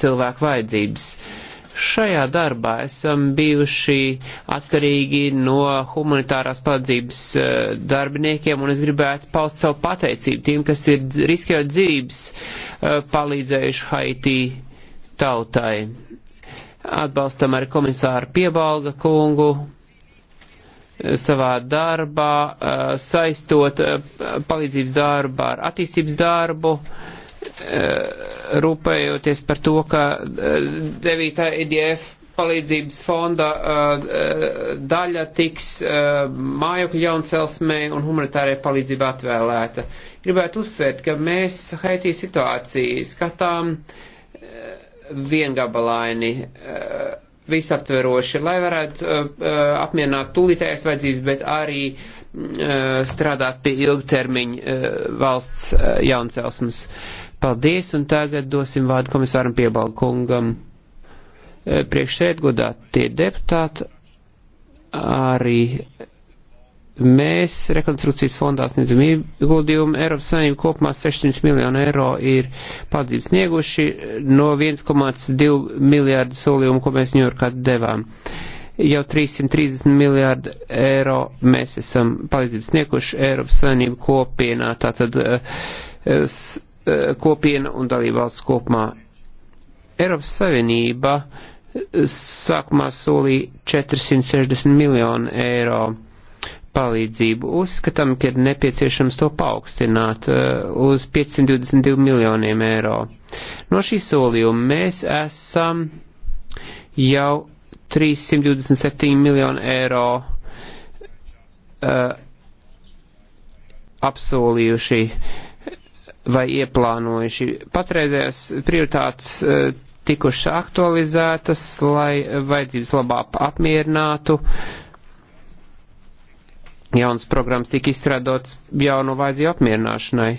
cilvēku vajadzības. Šajā darbā esam bijuši atkarīgi no humanitārās palīdzības eh, darbiniekiem, un es gribētu paust savu pateicību tiem, kas ir riskējot dzīvības eh, palīdzējuši Haitī tautai. Atbalstam arī komisāru Piebalga kungu, eh, savā darbā, saistot palīdzības darbu ar attīstības darbu, Eh, rūpējoties par to, ka 9. Eh, IDF palīdzības fonda eh, daļa tiks mājokļu jauncelsmē un humanitārai palīdzība atvēlēta. Gribētu uzsvērt, ka mēs Haitī situāciju skatām viengabalaini visaptveroši, lai varētu apmierināt tūlītējas vajadzības, bet arī strādāt pie ilgtermiņa valsts jauncelsmas. Uh, Paldies, un tagad dosim vārdu komisāram Piebalkungam. E, priekšsēd godā tie deputāti, arī mēs rekonstrukcijas fondā sniedzam ieguldījumu. Eiropas Savienība kopumā 600 miljonu eiro ir palīdzības snieguši no 1,2 miljārdu solījumu, ko mēs Ņujorkā devām. Jau 330 miljārdu eiro mēs esam palīdzības snieguši Eiropas Savienību kopienā. Tātad, uh, Eh, kopiena un dalībvalsts kopumā. Eiropas Savienība eh, sākumā solīja 460 miljonu eiro palīdzību. Uzskatām, ka ir nepieciešams to paaugstināt eh, uz 522 miljoniem eiro. No šī solījuma mēs esam jau 327 miljonu eiro uh, apsolījuši vai ieplānojuši. Patreizējās prioritātes e, tikušas aktualizētas, lai vajadzības labāk apmierinātu. Jaunas programmas tika izstrādotas jaunu vajadzību apmierināšanai.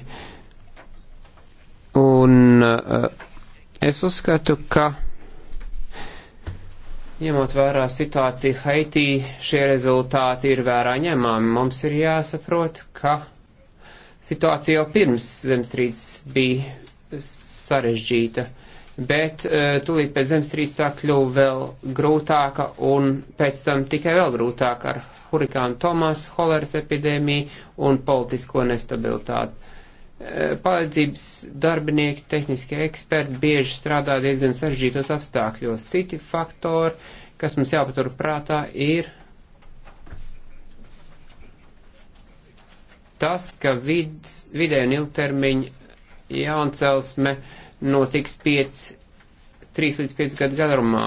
Un e, es uzskatu, ka Ņemot vērā situāciju Haitī, šie rezultāti ir vērā ņemami. Mums ir jāsaprot, ka Situācija jau pirms zemstrīces bija sarežģīta, bet e, tūlīt pēc zemstrīces tā kļuva vēl grūtāka un pēc tam tikai vēl grūtāka ar hurikānu Tomas, holeras epidēmiju un politisko nestabilitāti. E, palīdzības darbinieki, tehniskie eksperti bieži strādā diezgan sarežģītos apstākļos. Citi faktori, kas mums jāpatur prātā, ir tas, ka vids, vidē un ilgtermiņa jauncelsme notiks 5, 3 līdz 5 gadu garumā,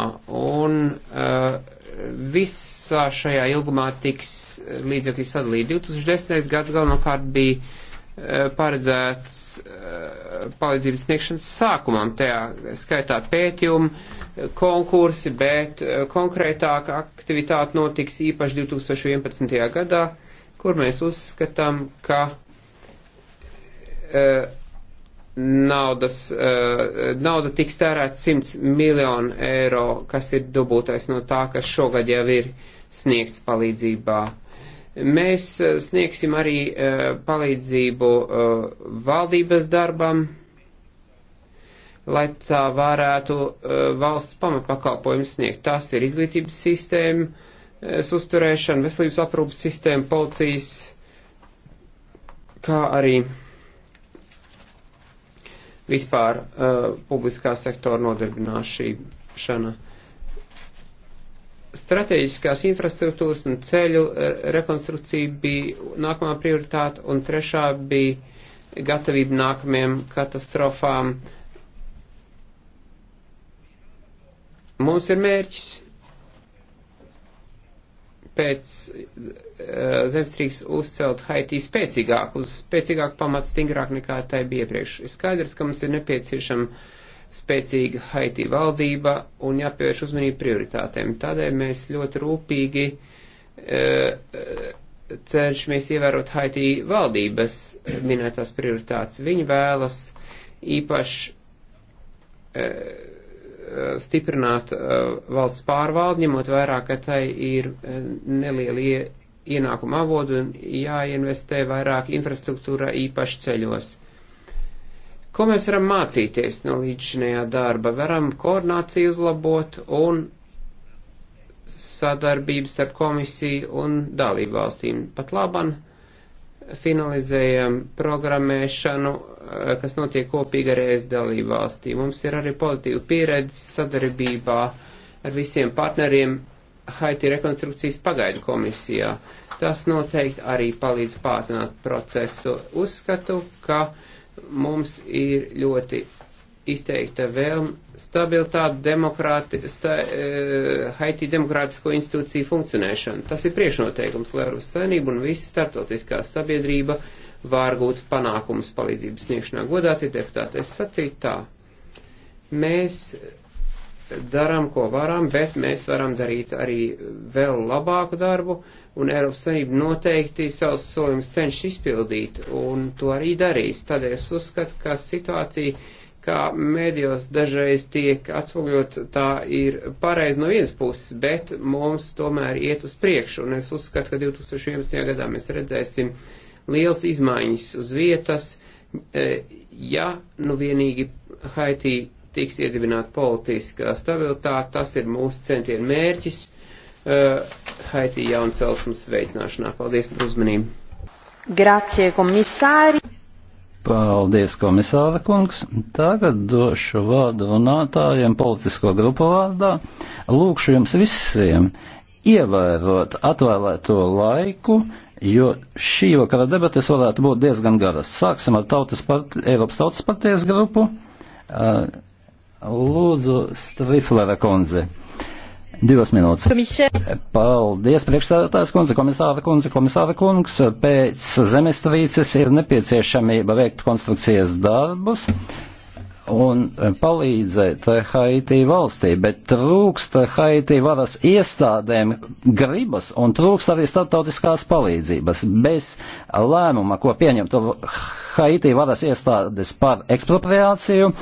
un uh, visā šajā ilgumā tiks līdzekļi sadalīti. 2010. gads galvenokārt bija uh, paredzēts uh, palīdzības sniegšanas sākumam, tajā skaitā pētījumi, konkursi, bet uh, konkrētāka aktivitāte notiks īpaši 2011. gadā kur mēs uzskatām, ka e, naudas, e, nauda tiks tērēta 100 miljonu eiro, kas ir dubultais no tā, kas šogad jau ir sniegts palīdzībā. Mēs eh, sniegsim arī e, palīdzību e, valdības darbam, lai tā varētu e, valsts pamatpakalpojums sniegt. Tas ir izglītības sistēma, uzturēšana, veselības aprūpas sistēma, policijas, kā arī vispār uh, publiskā sektora nodarbināšana. Strateģiskās infrastruktūras un ceļu uh, rekonstrukcija bija nākamā prioritāte, un trešā bija gatavība nākamajām katastrofām. Mums ir mērķis pēc eh, zemstrīks uzcelt Haiti spēcīgāk, uz spēcīgāk pamats stingrāk nekā tai bija iepriekš. Ir skaidrs, ka mums ir nepieciešama spēcīga Haiti valdība un jāpievērš uzmanību prioritātēm. Tādēļ mēs ļoti rūpīgi uh, cenšamies ievērot Haiti valdības eh, minētās prioritātes. Viņi vēlas īpaši uh, stiprināt uh, valsts pārvaldi, ņemot vairāk, ka tai ir uh, nelieli ienākuma avodu un jāinvestē vairāk infrastruktūra īpaši ceļos. Ko mēs varam mācīties no līdzšinējā darba? Varam koordināciju uzlabot un sadarbības starp komisiju un dalību valstīm. Pat laban finalizējam programmēšanu, eh, kas notiek kopīgi ar ES dalību valstī. Mums ir arī pozitīva pieredze sadarbībā ar visiem partneriem Haiti rekonstrukcijas pagaidu komisijā. Tas noteikti arī palīdz pātrināt procesu. Uzskatu, ka mums ir ļoti izteikta vēlme stabilitāti, demokrāti, sta, e, Haiti demokrātisko institūciju funkcionēšanu. Tas ir priekšnoteikums, lai Eiropas saimnība un visa startautiskā sabiedrība var gūt panākumus palīdzības sniegšanā. Godātie deputāti, es sacītu tā. Mēs darām, ko varam, bet mēs varam darīt arī vēl labāku darbu, un Eiropas saimnība noteikti savus solījumus cenšas izpildīt, un to arī darīs. Tādēļ es uzskatu, ka situācija kā medijos dažreiz tiek atspoguļot, tā ir pareizi no vienas puses, bet mums tomēr iet uz priekšu, un es uzskatu, ka 2011. gadā mēs redzēsim liels izmaiņas uz vietas, e, ja nu vienīgi Haitī tiks iedibināta politiskā stabilitāte, tas ir mūsu centienu mērķis e, Haitī jauncelsmas veicināšanā. Paldies par uzmanību! Grazie, komisāri! Paldies, komisāra kungs. Tagad došu vārdu runātājiem politisko grupu vārdā. Lūkšu jums visiem ievērot atvēlēto laiku, jo šī vakara debates varētu būt diezgan garas. Sāksim ar tautas part, Eiropas tautas partijas grupu. Lūdzu, Striflera konze. Divas minūtes. Komisija. Paldies, priekšstādātājs kundze, komisāra kundze, komisāra kungs. Pēc zemestrīces ir nepieciešamība veikt konstrukcijas darbus un eh, palīdzēt eh, Haiti valstī, bet trūkst eh, Haiti varas iestādēm gribas un trūkst arī starptautiskās palīdzības. Bez lēmuma, ko pieņemtu Haiti varas iestādes par ekspropriāciju,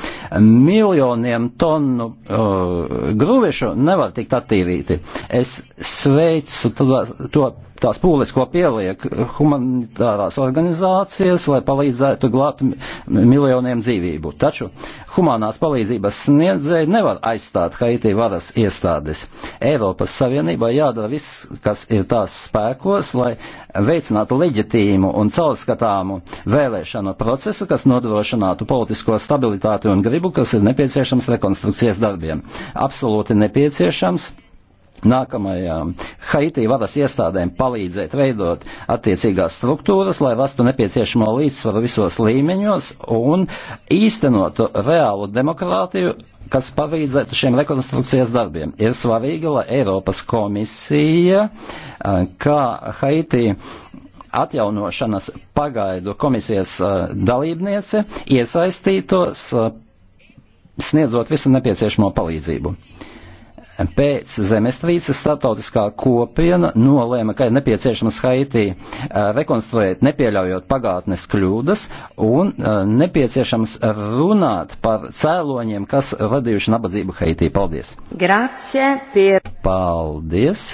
miljoniem tonu uh, gruvišu nevar tikt attīrīti. Es sveicu to, to tās pūles, ko pieliek humanitārās organizācijas, lai palīdzētu glābt miljoniem dzīvību. Taču humanās palīdzības sniedzēji nevar aizstāt Haiti varas iestādes. Eiropas Savienībā jādara viss, kas ir tās spēkos, lai veicinātu leģitīmu un caurskatāmu vēlēšanu procesu, kas nodrošinātu politisko stabilitāti un gribu, kas ir nepieciešams rekonstrukcijas darbiem. Absolūti nepieciešams nākamajām Haiti varas iestādēm palīdzēt veidot attiecīgās struktūras, lai rastu nepieciešamo līdzsvaru visos līmeņos un īstenotu reālu demokrātiju, kas palīdzētu šiem rekonstrukcijas darbiem. Ir svarīgi, lai Eiropas komisija, kā Haiti atjaunošanas pagaidu komisijas dalībniece, iesaistītos sniedzot visu nepieciešamo palīdzību. Pēc zemestrīces starptautiskā kopiena nolēma, ka ir nepieciešams Haiti rekonstruēt, nepieļaujot pagātnes kļūdas, un nepieciešams runāt par cēloņiem, kas radījuši nabadzību Haitī. Paldies! Grazie! Pie... Paldies!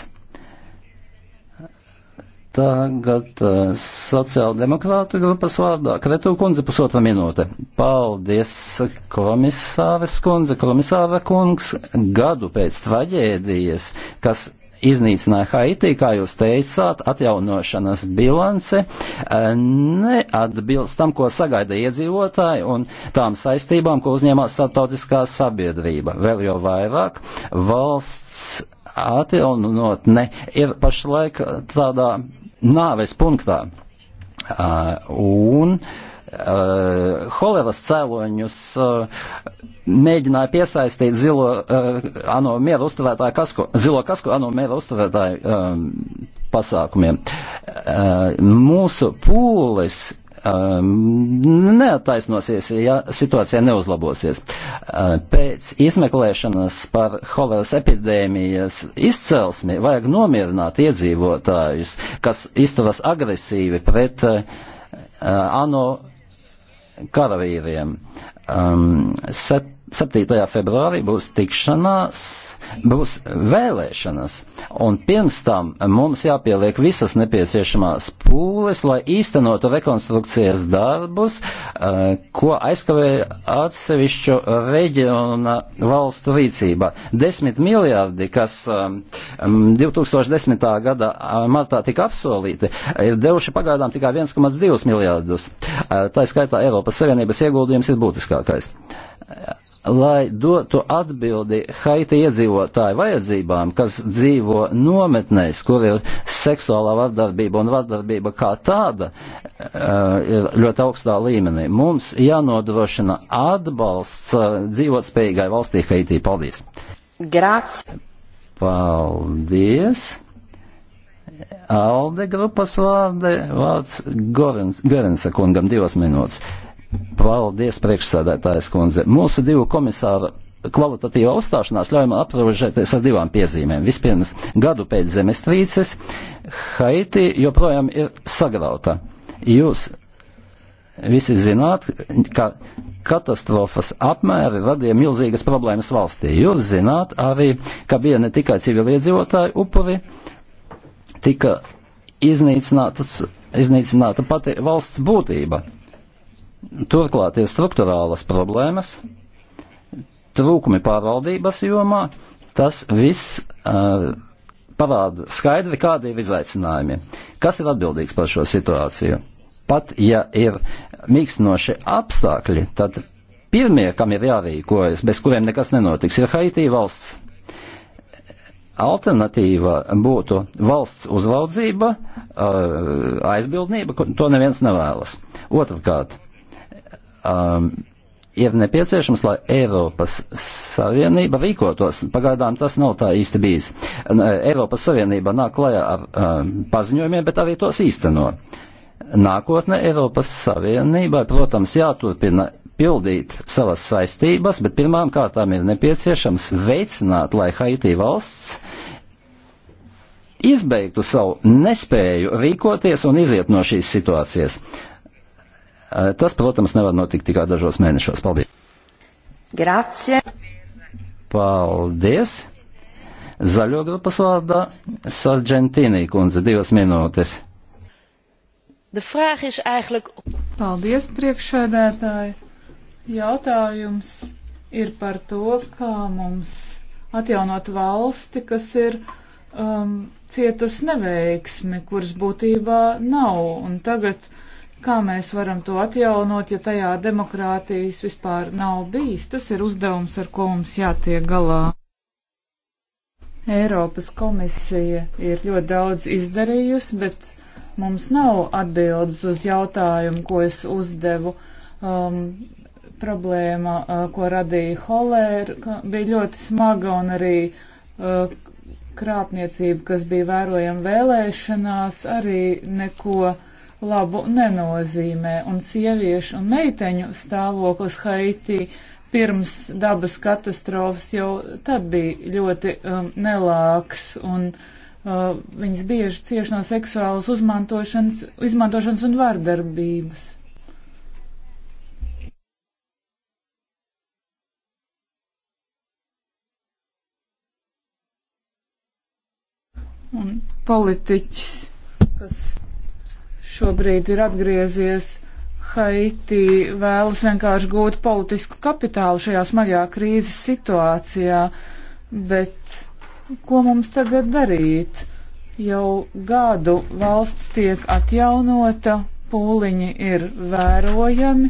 Tagad uh, sociāldemokrātu grupas vārdā Kretu kundze pusotra minūte. Paldies, komisāres kundze, komisāra kungs, gadu pēc traģēdijas, kas iznīcināja Haiti, kā jūs teicāt, atjaunošanas bilance eh, neatbilst tam, ko sagaida iedzīvotāji un tām saistībām, ko uzņēmās starptautiskā sabiedrība. Vēl jau vairāk valsts atjaunotne ir pašlaik tādā nāves punktā. Uh, un uh, holeras cēloņus uh, mēģināja piesaistīt zilo, uh, ano miera uzturētāju kasku, zilo kasku ano miera uzturētāju um, pasākumiem. Uh, mūsu pūles Ehm, um, nu, neataisnosies, ja situācija neuzlabosies. Uh, pēc izmeklēšanas par holeras epidēmijas izcelsmi vajag nomierināt iedzīvotājus, kas izturas agresīvi pret uh, ANO karavīriem um, 7. februārī būs tikšanās, būs vēlēšanas, un pirms tam mums jāpieliek visas nepieciešamās pūles, lai īstenotu rekonstrukcijas darbus, uh, ko aizkavēja atsevišķu reģiona valstu rīcība. 10 miljardi, kas um, 2010. Um, gada uh, martā tika apsolīti, ir devuši pagaidām tikai 1,2 miljardus. Uh, tā skaitā Eiropas Savienības ieguldījums ir būtiskā svarīgākais. Lai dotu atbildi Haiti iedzīvotāju vajadzībām, kas dzīvo nometnēs, kur ir seksuālā vardarbība un vardarbība kā tāda, eh, ir ļoti augstā līmenī. Mums jānodrošina atbalsts eh, dzīvotspējīgai valstī Haitī. Paldies! Grāts! Paldies! Alde grupas vārde vārds Gorensa kungam divas minūtes. Paldies, priekšsādētājs kundze. Mūsu divu komisāru kvalitatīvā uzstāšanās ļauj man aprobežēties ar divām piezīmēm. Vispirms, gadu pēc zemestrīces Haiti joprojām ir sagrauta. Jūs visi zināt, ka katastrofas apmēri radīja milzīgas problēmas valstī. Jūs zināt arī, ka bija ne tikai civiliedzīvotāji upuri, tika iznīcināta pati valsts būtība. Turklāt ir struktūrālas problēmas, trūkumi pārvaldības jomā, tas viss uh, parāda skaidri, kādi ir izaicinājumi. Kas ir atbildīgs par šo situāciju? Pat ja ir mīkstinoši apstākļi, tad pirmie, kam ir jārīkojas, bez kuriem nekas nenotiks, ir Haitī valsts. Alternatīva būtu valsts uzraudzība, uh, aizbildnība, to neviens nevēlas. Otrkārt, um, ir nepieciešams, lai Eiropas Savienība rīkotos. Pagaidām tas nav tā īsti bijis. E, Eiropas Savienība nāk klajā ar um, paziņojumiem, bet arī tos īsteno. Nākotne Eiropas Savienībai, protams, jāturpina pildīt savas saistības, bet pirmām kārtām ir nepieciešams veicināt, lai Haiti valsts izbeigtu savu nespēju rīkoties un iziet no šīs situācijas. Eh, tas, protams, nevar notikt tikai dažos mēnešos. Paldies! Grazie! Paldies! Zaļo grupas vārdā Sargentīnī kundze, divas minūtes. Eigenlijk... Paldies, priekšsēdētāji! Jautājums ir par to, kā mums atjaunot valsti, kas ir um, cietusi neveiksmi, kuras būtībā nav. Un tagad Kā mēs varam to atjaunot, ja tajā demokrātijas vispār nav bijis? Tas ir uzdevums, ar ko mums jātiek galā. Eiropas komisija ir ļoti daudz izdarījusi, bet mums nav atbildes uz jautājumu, ko es uzdevu. Um, problēma, uh, ko radīja holēra, bija ļoti smaga un arī uh, krāpniecība, kas bija vērojama vēlēšanās, arī neko labu nenozīmē, un sieviešu un meiteņu stāvoklis Haitī pirms dabas katastrofas jau tad bija ļoti um, nelāks, un uh, viņas bieži cieši no seksuālas uzmantošanas, izmantošanas un vardarbības. un politiķis, kas šobrīd ir atgriezies Haiti, vēlas vienkārši gūt politisku kapitālu šajā smagajā krīzes situācijā. Bet ko mums tagad darīt? Jau gadu valsts tiek atjaunota, pūliņi ir vērojami,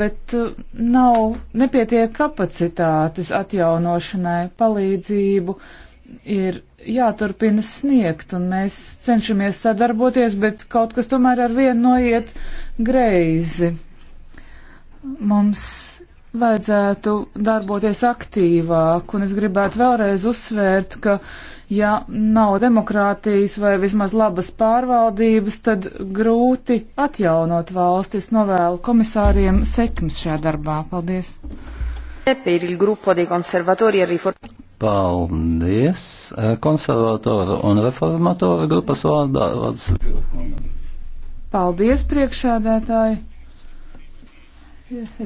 bet uh, nav nepietiek kapacitātes atjaunošanai palīdzību ir jāturpina sniegt, un mēs cenšamies sadarboties, bet kaut kas tomēr ar vienu noiet greizi. Mums vajadzētu darboties aktīvāk, un es gribētu vēlreiz uzsvērt, ka ja nav demokrātijas vai vismaz labas pārvaldības, tad grūti atjaunot valstis. Novēlu komisāriem sekmes šajā darbā. Paldies! E Paldies! Eh, Konservatoru un reformatoru grupas vārdā vārds. Paldies, priekšādētāji!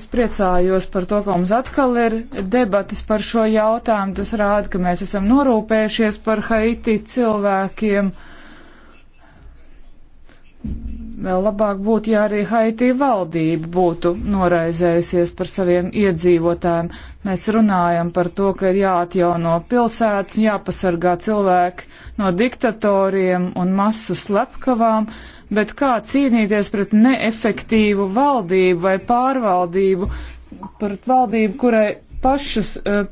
Es priecājos par to, ka mums atkal ir debatas par šo jautājumu. Tas rāda, ka mēs esam norūpējušies par Haiti cilvēkiem. Uh, Vēl labāk būtu, ja arī Haitī valdība būtu noraizējusies par saviem iedzīvotājiem. Mēs runājam par to, ka ir jāatjauno pilsētas, jāpasargā cilvēki no diktatoriem un masu slepkavām, bet kā cīnīties pret neefektīvu valdību vai pārvaldību, par valdību, kurai pašas uh,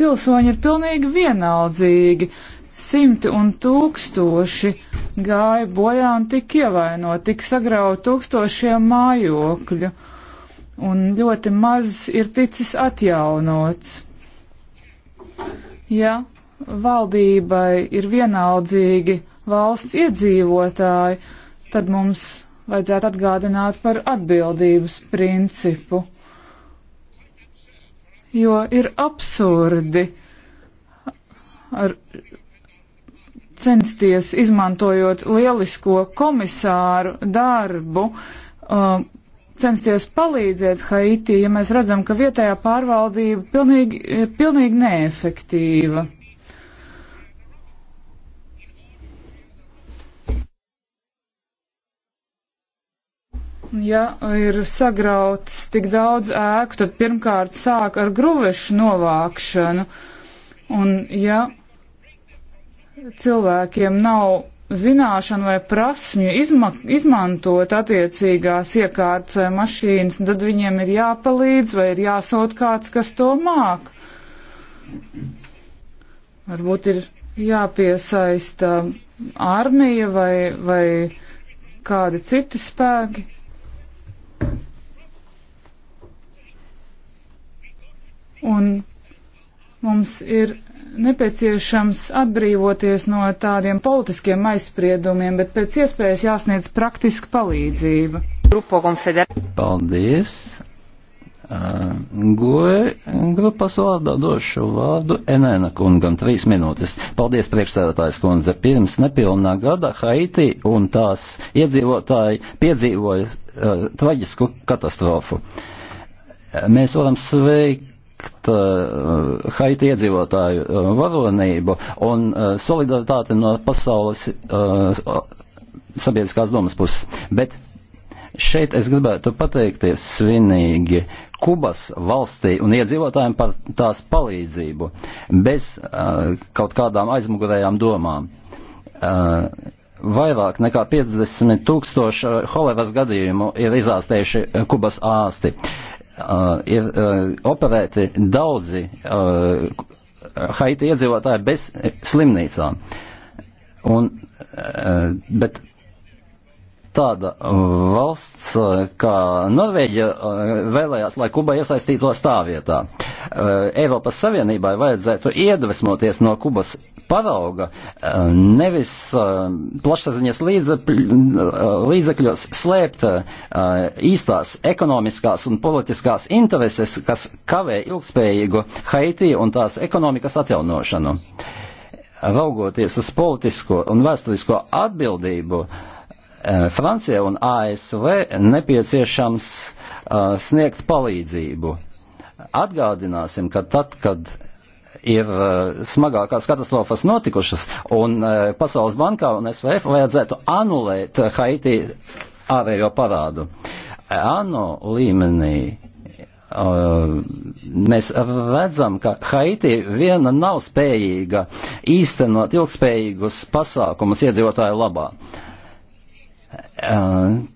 pilsoņi ir pilnīgi vienaldzīgi simti un tūkstoši gāja bojā un tika ievainoti, tika sagrauti tūkstošiem mājokļu, un ļoti maz ir ticis atjaunots. Ja valdībai ir vienaldzīgi valsts iedzīvotāji, tad mums vajadzētu atgādināt par atbildības principu, jo ir absurdi ar censties, izmantojot lielisko komisāru darbu, uh, censties palīdzēt Haiti, ja mēs redzam, ka vietējā pārvaldība pilnīgi, ir eh, pilnīgi neefektīva. Ja ir sagrauts tik daudz ēku, tad pirmkārt sāk ar gruvešu novākšanu. Un, ja Cilvēkiem nav zināšanu vai prasmju izma izmantot attiecīgās iekārtas vai mašīnas, un tad viņiem ir jāpalīdz vai ir jāsūt kāds, kas to māk. Varbūt ir jāpiesaista armija vai, vai kādi citi spēki. Un mums ir nepieciešams atbrīvoties no tādiem politiskiem aizspriedumiem, bet pēc iespējas jāsniedz praktiska palīdzība. Paldies! Uh, Goe grupas vārdā došu vārdu Enēna kungam trīs minūtes. Paldies, priekšstādātājs kundze. Pirms nepilnā gada Haiti un tās iedzīvotāji piedzīvoja uh, traģisku katastrofu. Mēs varam sveikt veikt uh, eh, Haiti iedzīvotāju uh, varonību un uh, solidaritāti no pasaules uh, sabiedriskās domas puses. Bet šeit es gribētu pateikties svinīgi Kubas valstī un iedzīvotājiem par tās palīdzību bez uh, kaut kādām aizmugurējām domām. Uh, vairāk nekā 50 tūkstoši holeras gadījumu ir izārstējuši Kubas ārsti. Uh, ir uh, operēti daudzi uh, Haiti iedzīvotāji bez slimnīcām. Un, bet tāda valsts kā Norvēģija eh, vēlējās, lai Kuba iesaistītos tā vietā. Eh, Eiropas Savienībai vajadzētu iedvesmoties no Kubas parauga, eh, nevis plašsaziņas līdzekļos slēpt īstās ekonomiskās un politiskās intereses, kas kavē ilgspējīgu Haiti un tās ekonomikas atjaunošanu. Raugoties uz politisko un vēsturisko atbildību, uh, Eh, Francija un ASV nepieciešams uh, sniegt palīdzību. Atgādināsim, ka tad, kad ir uh, smagākās katastrofas notikušas un uh, Pasaules bankā un SVF vajadzētu anulēt Haiti ārējo parādu. ANO līmenī Uh, mēs redzam, ka Haiti viena nav spējīga īstenot ilgspējīgus pasākumus iedzīvotāju labā. Uh,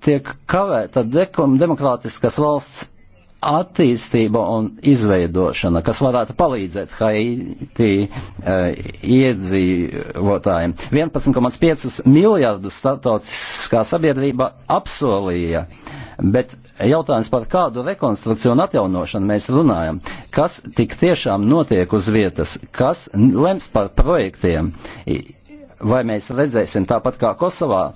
tiek kavēta dekum, demokrātiskas valsts attīstība un izveidošana, kas varētu palīdzēt Haiti uh, iedzīvotājiem. 11,5 miljardus startautiskā sabiedrība apsolīja, bet jautājums par kādu rekonstrukciju un atjaunošanu mēs runājam. Kas tik tiešām notiek uz vietas? Kas lems par projektiem? vai mēs redzēsim tāpat kā Kosovā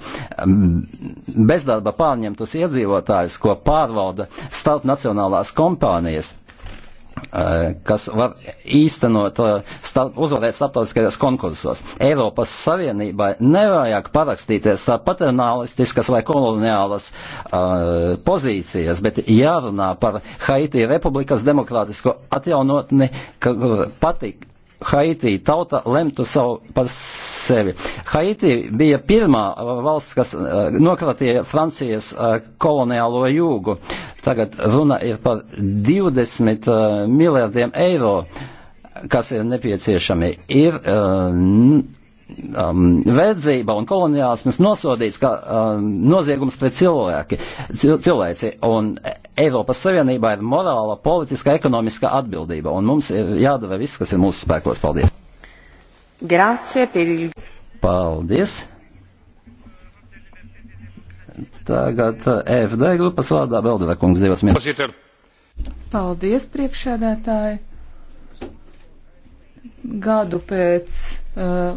bezdarba pārņemtus iedzīvotājus, ko pārvalda starpnacionālās kompānijas e, kas var īstenot, e, starp, uzvarēt starptautiskajos konkursos. Eiropas Savienībai nevajag parakstīties tā paternālistiskas vai koloniālas uh, pozīcijas, bet jārunā par Haiti Republikas demokrātisko atjaunotni, kur patīk Haiti tauta lemtu savu par sevi. Haiti bija pirmā valsts, kas eh, nokratīja Francijas eh, koloniālo jūgu. Tagad runa ir par 20 eh, miljardiem eiro, kas ir nepieciešami. Ir um, verdzība un koloniālisms nosodīts kā um, noziegums pret cilvēki, cil, cilvēci. Un Eiropas Savienībā ir morāla, politiska, ekonomiska atbildība. Un mums ir jādara viss, kas ir mūsu spēkos. Paldies! Grācie, Piril! Paldies! Tagad FD grupas vārdā Beldeve kungs divas minūtes. Paldies, priekšsēdētāji! Gadu pēc uh,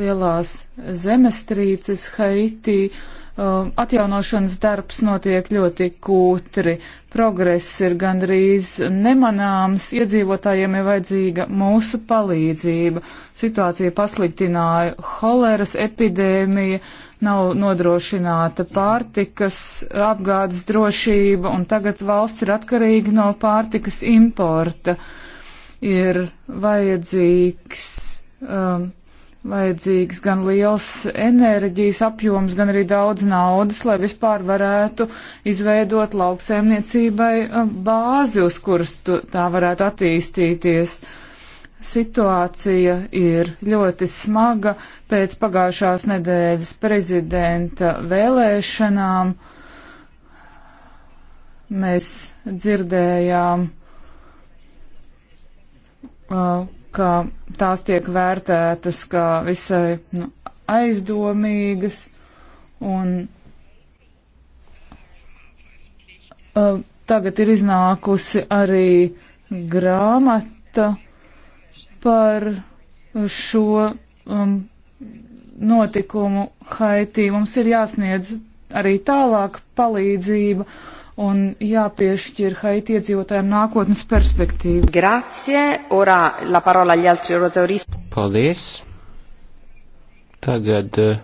lielās zemestrīces Haitī. Um, atjaunošanas darbs notiek ļoti kūtri, progress ir gandrīz nemanāms, iedzīvotājiem ir vajadzīga mūsu palīdzība. Situācija pasliktināja holeras epidēmija, nav nodrošināta pārtikas apgādes drošība, un tagad valsts ir atkarīga no pārtikas importa. Ir vajadzīgs. Um, vajadzīgs gan liels enerģijas apjoms, gan arī daudz naudas, lai vispār varētu izveidot lauksēmniecībai bāzi, uz kuras tā varētu attīstīties. Situācija ir ļoti smaga pēc pagājušās nedēļas prezidenta vēlēšanām. Mēs dzirdējām, uh, ka tās tiek vērtētas kā visai nu, aizdomīgas un uh, tagad ir iznākusi arī grāmata par šo um, notikumu Haitī. Mums ir jāsniedz arī tālāk palīdzība. Uh, un jāpiešķir Haiti iedzīvotājiem nākotnes perspektīva. Grazie, ora la parola agli altri oratoristi. Paldies. Tagad eh,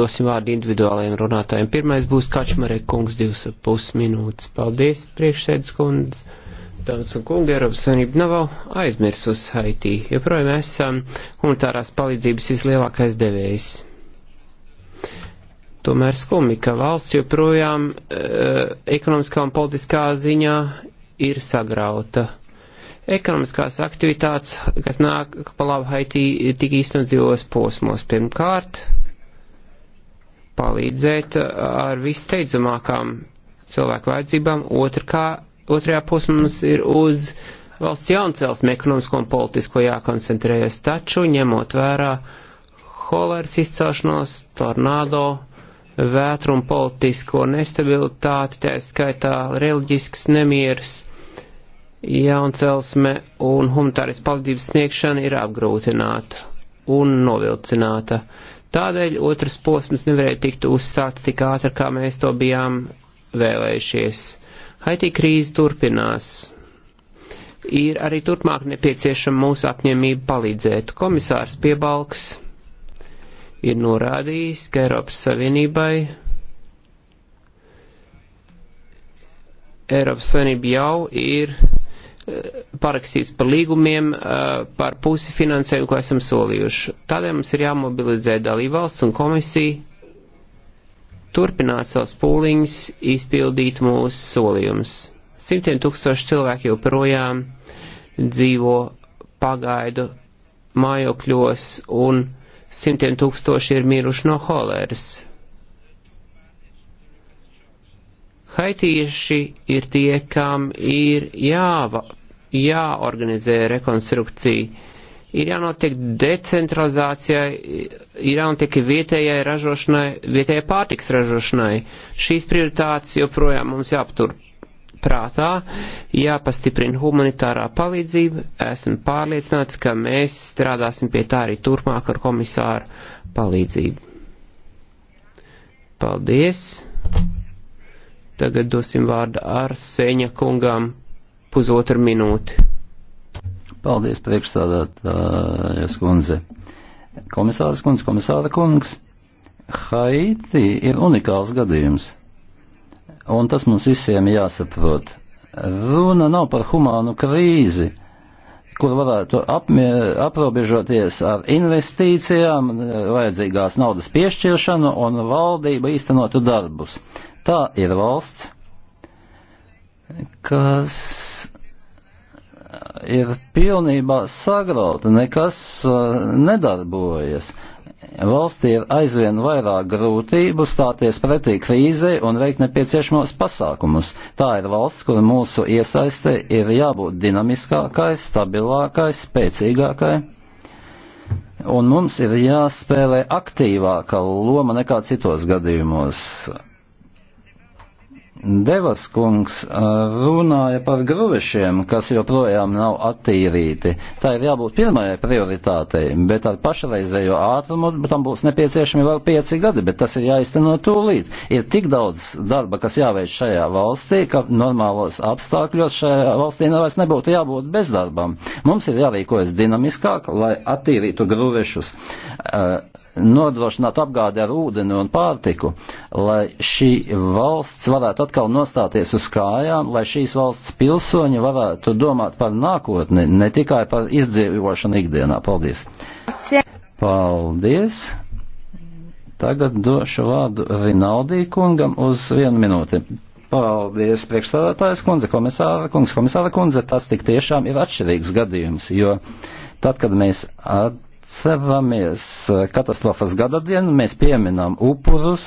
dosim vārdu individuāliem runātājiem. Pirmais būs Kačmarek kungs, divas pus minūtes. Paldies, priekšsēdus kundz. Dāmas un kungi, Eiropas Savienība nav aizmirsus Haiti. Joprojām esam humanitārās palīdzības vislielākais devējs Tomēr skumji, ka valsts joprojām e, ekonomiskā un politiskā ziņā ir sagrauta. Ekonomiskās aktivitātes, kas nāk pa labu Haitī, tika īstenotas divos posmos. Pirmkārt, palīdzēt eh, ar visteidzamākām cilvēku vajadzībām. Otrkā, otrajā posmā mums ir uz valsts jauncelsmi ekonomisko un politisko jākoncentrējas, taču ņemot vērā holeras izcelšanos, tornado vētru un politisko nestabilitāti, tā skaitā reliģisks nemieris, jauncelsme un humanitāris palīdzības sniegšana ir apgrūtināta un novilcināta. Tādēļ otrs posms nevarēja tikt uzsākts tik ātri, kā mēs to bijām vēlējušies. Haiti krīze turpinās. Ir arī turpmāk nepieciešama mūsu apņēmība palīdzēt. Komisārs Piebalgs ir norādījis, ka Eiropas Savienībai Eiropas Savienība jau ir eh, parakstīts par līgumiem, eh, par pusi finansējumu, ko esam solījuši. Tādēļ mums ir jāmobilizē dalībvalsts un komisija turpināt savus pūliņus, izpildīt mūsu solījumus. Simtiem tūkstoši cilvēki joprojām dzīvo pagaidu mājokļos un Simtiem tūkstoši ir miruši no holēras. Haitieši ir tie, kam ir jāva, jāorganizē rekonstrukcija. Ir jānotiek decentralizācijai, ir jānotiek vietējai ražošanai, vietējai pārtiks ražošanai. Šīs prioritātes joprojām mums jāaptur prātā, jāpastiprina humanitārā palīdzība. Esmu pārliecināts, ka mēs strādāsim pie tā arī turpmāk ar komisāru palīdzību. Paldies! Tagad dosim vārdu Arseņa kungām pusotru minūti. Paldies, priekšstādātājas kundze. Komisārs kundze, komisāra kungs, Haiti ir unikāls gadījums un tas mums visiem jāsaprot. Runa nav par humānu krīzi, kur varētu apmier, aprobežoties ar investīcijām, vajadzīgās naudas piešķiršanu un valdība īstenotu darbus. Tā ir valsts, kas ir pilnībā sagrauta, nekas uh, nedarbojas. Uh, Valstī ir aizvien vairāk grūtību stāties pretī krīzei un veikt nepieciešamos pasākumus. Tā ir valsts, kur mūsu iesaiste ir jābūt dinamiskākai, stabilākai, spēcīgākai. Un mums ir jāspēlē aktīvāka loma nekā citos gadījumos. Devas kungs eh, runāja par gruvešiem, kas joprojām nav attīrīti. Tā ir jābūt pirmajai prioritātei, bet ar pašreizējo ātrumu tam būs nepieciešami vēl pieci gadi, bet tas ir jāizteno tūlīt. Ir tik daudz darba, kas jāveic šajā valstī, ka normālos apstākļos šajā valstī vairs nebūtu jābūt bezdarbam. Mums ir jārīkojas dinamiskāk, lai attīrītu gruvešus. Uh, eh, nodrošināt apgādi ar ūdeni un pārtiku, lai šī valsts varētu atkal nostāties uz kājām, lai šīs valsts pilsoņi varētu domāt par nākotni, ne tikai par izdzīvošanu ikdienā. Paldies! Paldies! Tagad došu vārdu Rinaldī kungam uz vienu minūti. Paldies, priekšstādātājs kundze, komisāra kundze, komisāra kundze, tas tik tiešām ir atšķirīgs gadījums, jo tad, kad mēs at atceramies eh, katastrofas gada dienu, mēs pieminam upurus,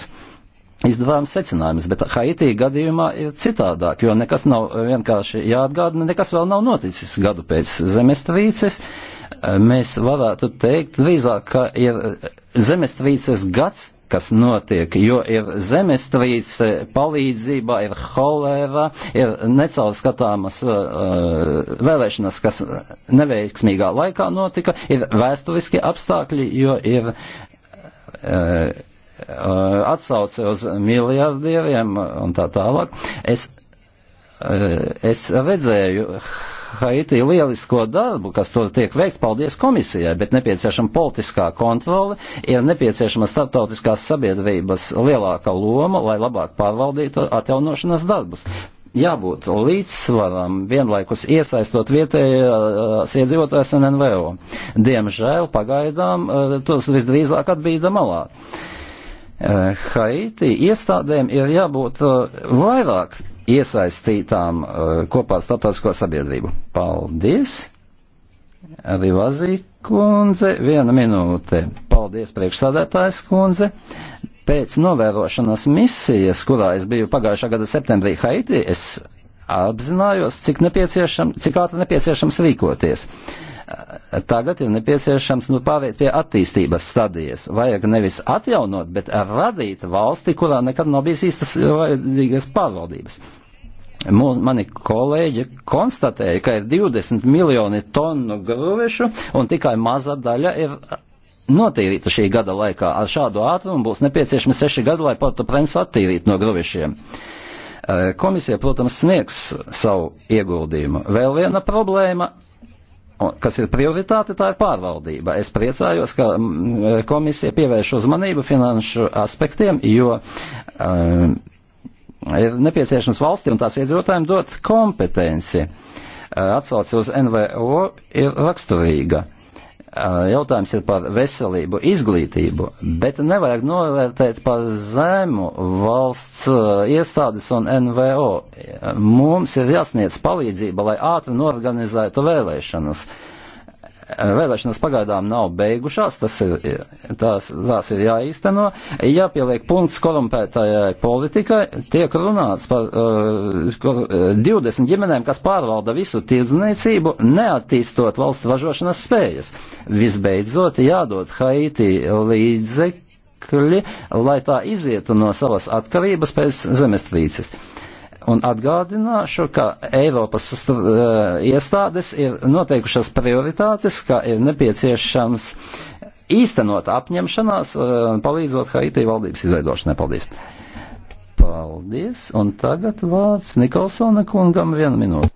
izdevām secinājumus, bet Haitī gadījumā ir citādāk, jo nekas nav eh, vienkārši jāatgādina, nekas vēl nav noticis gadu pēc zemestrīces. Eh, mēs varētu teikt drīzāk, ka ir zemestrīces gads kas notiek, jo ir zemestrīce, palīdzība, ir holēra, ir necaurskatāmas uh, uh, vēlēšanas, kas neveiksmīgā laikā notika, ir vēsturiski apstākļi, jo ir. Uh, uh atsauce uz miljardieriem un tā tālāk. Es, uh, es redzēju Haiti lielisko darbu, kas tur tiek veikts, paldies komisijai, bet nepieciešama politiskā kontrole, ir nepieciešama starptautiskās sabiedrības lielāka loma, lai labāk pārvaldītu atjaunošanas darbus. Jābūt līdzsvaram, vienlaikus iesaistot vietējās iedzīvotājs un NVO. Diemžēl pagaidām eh, tos visdrīzāk atbīda malā. Eh, Haiti iestādēm ir jābūt eh, vairāk iesaistītām eh, kopā starptautisko sabiedrību. Paldies! Rivazī kundze, viena minūte. Paldies, priekšsādātājs kundze. Pēc novērošanas misijas, kurā es biju pagājušā gada septembrī Haiti, es apzinājos, cik, nepieciešam, cik ātri nepieciešams rīkoties. Tagad ir nepieciešams nu, pāriet pie attīstības stadijas. Vajag nevis atjaunot, bet radīt valsti, kurā nekad nav bijis īstas vajadzīgas pārvaldības. Uh, Mani kolēģi konstatēja, ka ir 20 miljoni tonu grūvešu un tikai maza daļa ir notīrīta šī gada laikā. Ar šādu ātrumu būs nepieciešami seši gadi, lai Porto Prensu attīrītu no grūvešiem. Komisija, protams, sniegs savu ieguldījumu. Vēl viena problēma kas ir prioritāte, tā ir pārvaldība. Es priecājos, ka mm, komisija pievērš uzmanību finanšu aspektiem, jo um, ir nepieciešams valstī un tās iedzīvotājiem dot kompetenci. Atsauce uz NVO ir raksturīga. Jautājums ir par veselību, izglītību, bet nevajag novērtēt par zemu valsts iestādes un NVO. Mums ir jāsniedz palīdzība, lai ātri norganizētu vēlēšanas. Uh, Vēlēšanas pagaidām nav beigušās, tas ir, tās, tās ir jāīsteno. Jāpieliek punkts korumpētajai politikai. Tiek runāts par uh, 20 uh, ģimenēm, kas pārvalda visu tirdzniecību, neattīstot valsts ražošanas spējas. Visbeidzot, jādod Haiti līdzekļi, lai tā izietu no savas atkarības pēc zemestrīces. Uh, Un atgādināšu, ka Eiropas uh, iestādes ir noteikušas prioritātes, ka ir nepieciešams īstenot apņemšanās, uh, palīdzot Haiti valdības izveidošanai. Paldies! Paldies! Un tagad vārds Nikolsona kungam vienu minūti.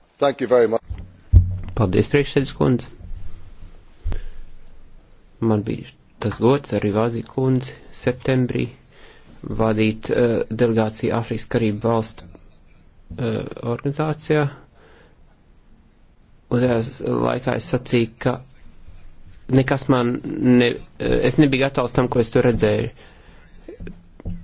Paldies, priekšsēdus kundze! Man bija tas gods arī Vāzija kundze septembrī vadīt uh, delegāciju Āfrikas Karību valstu Uh, organizācijā. Un tajā laikā es sacīju, ka nekas man, ne, uh, es nebiju gatavs tam, ko es tur redzēju.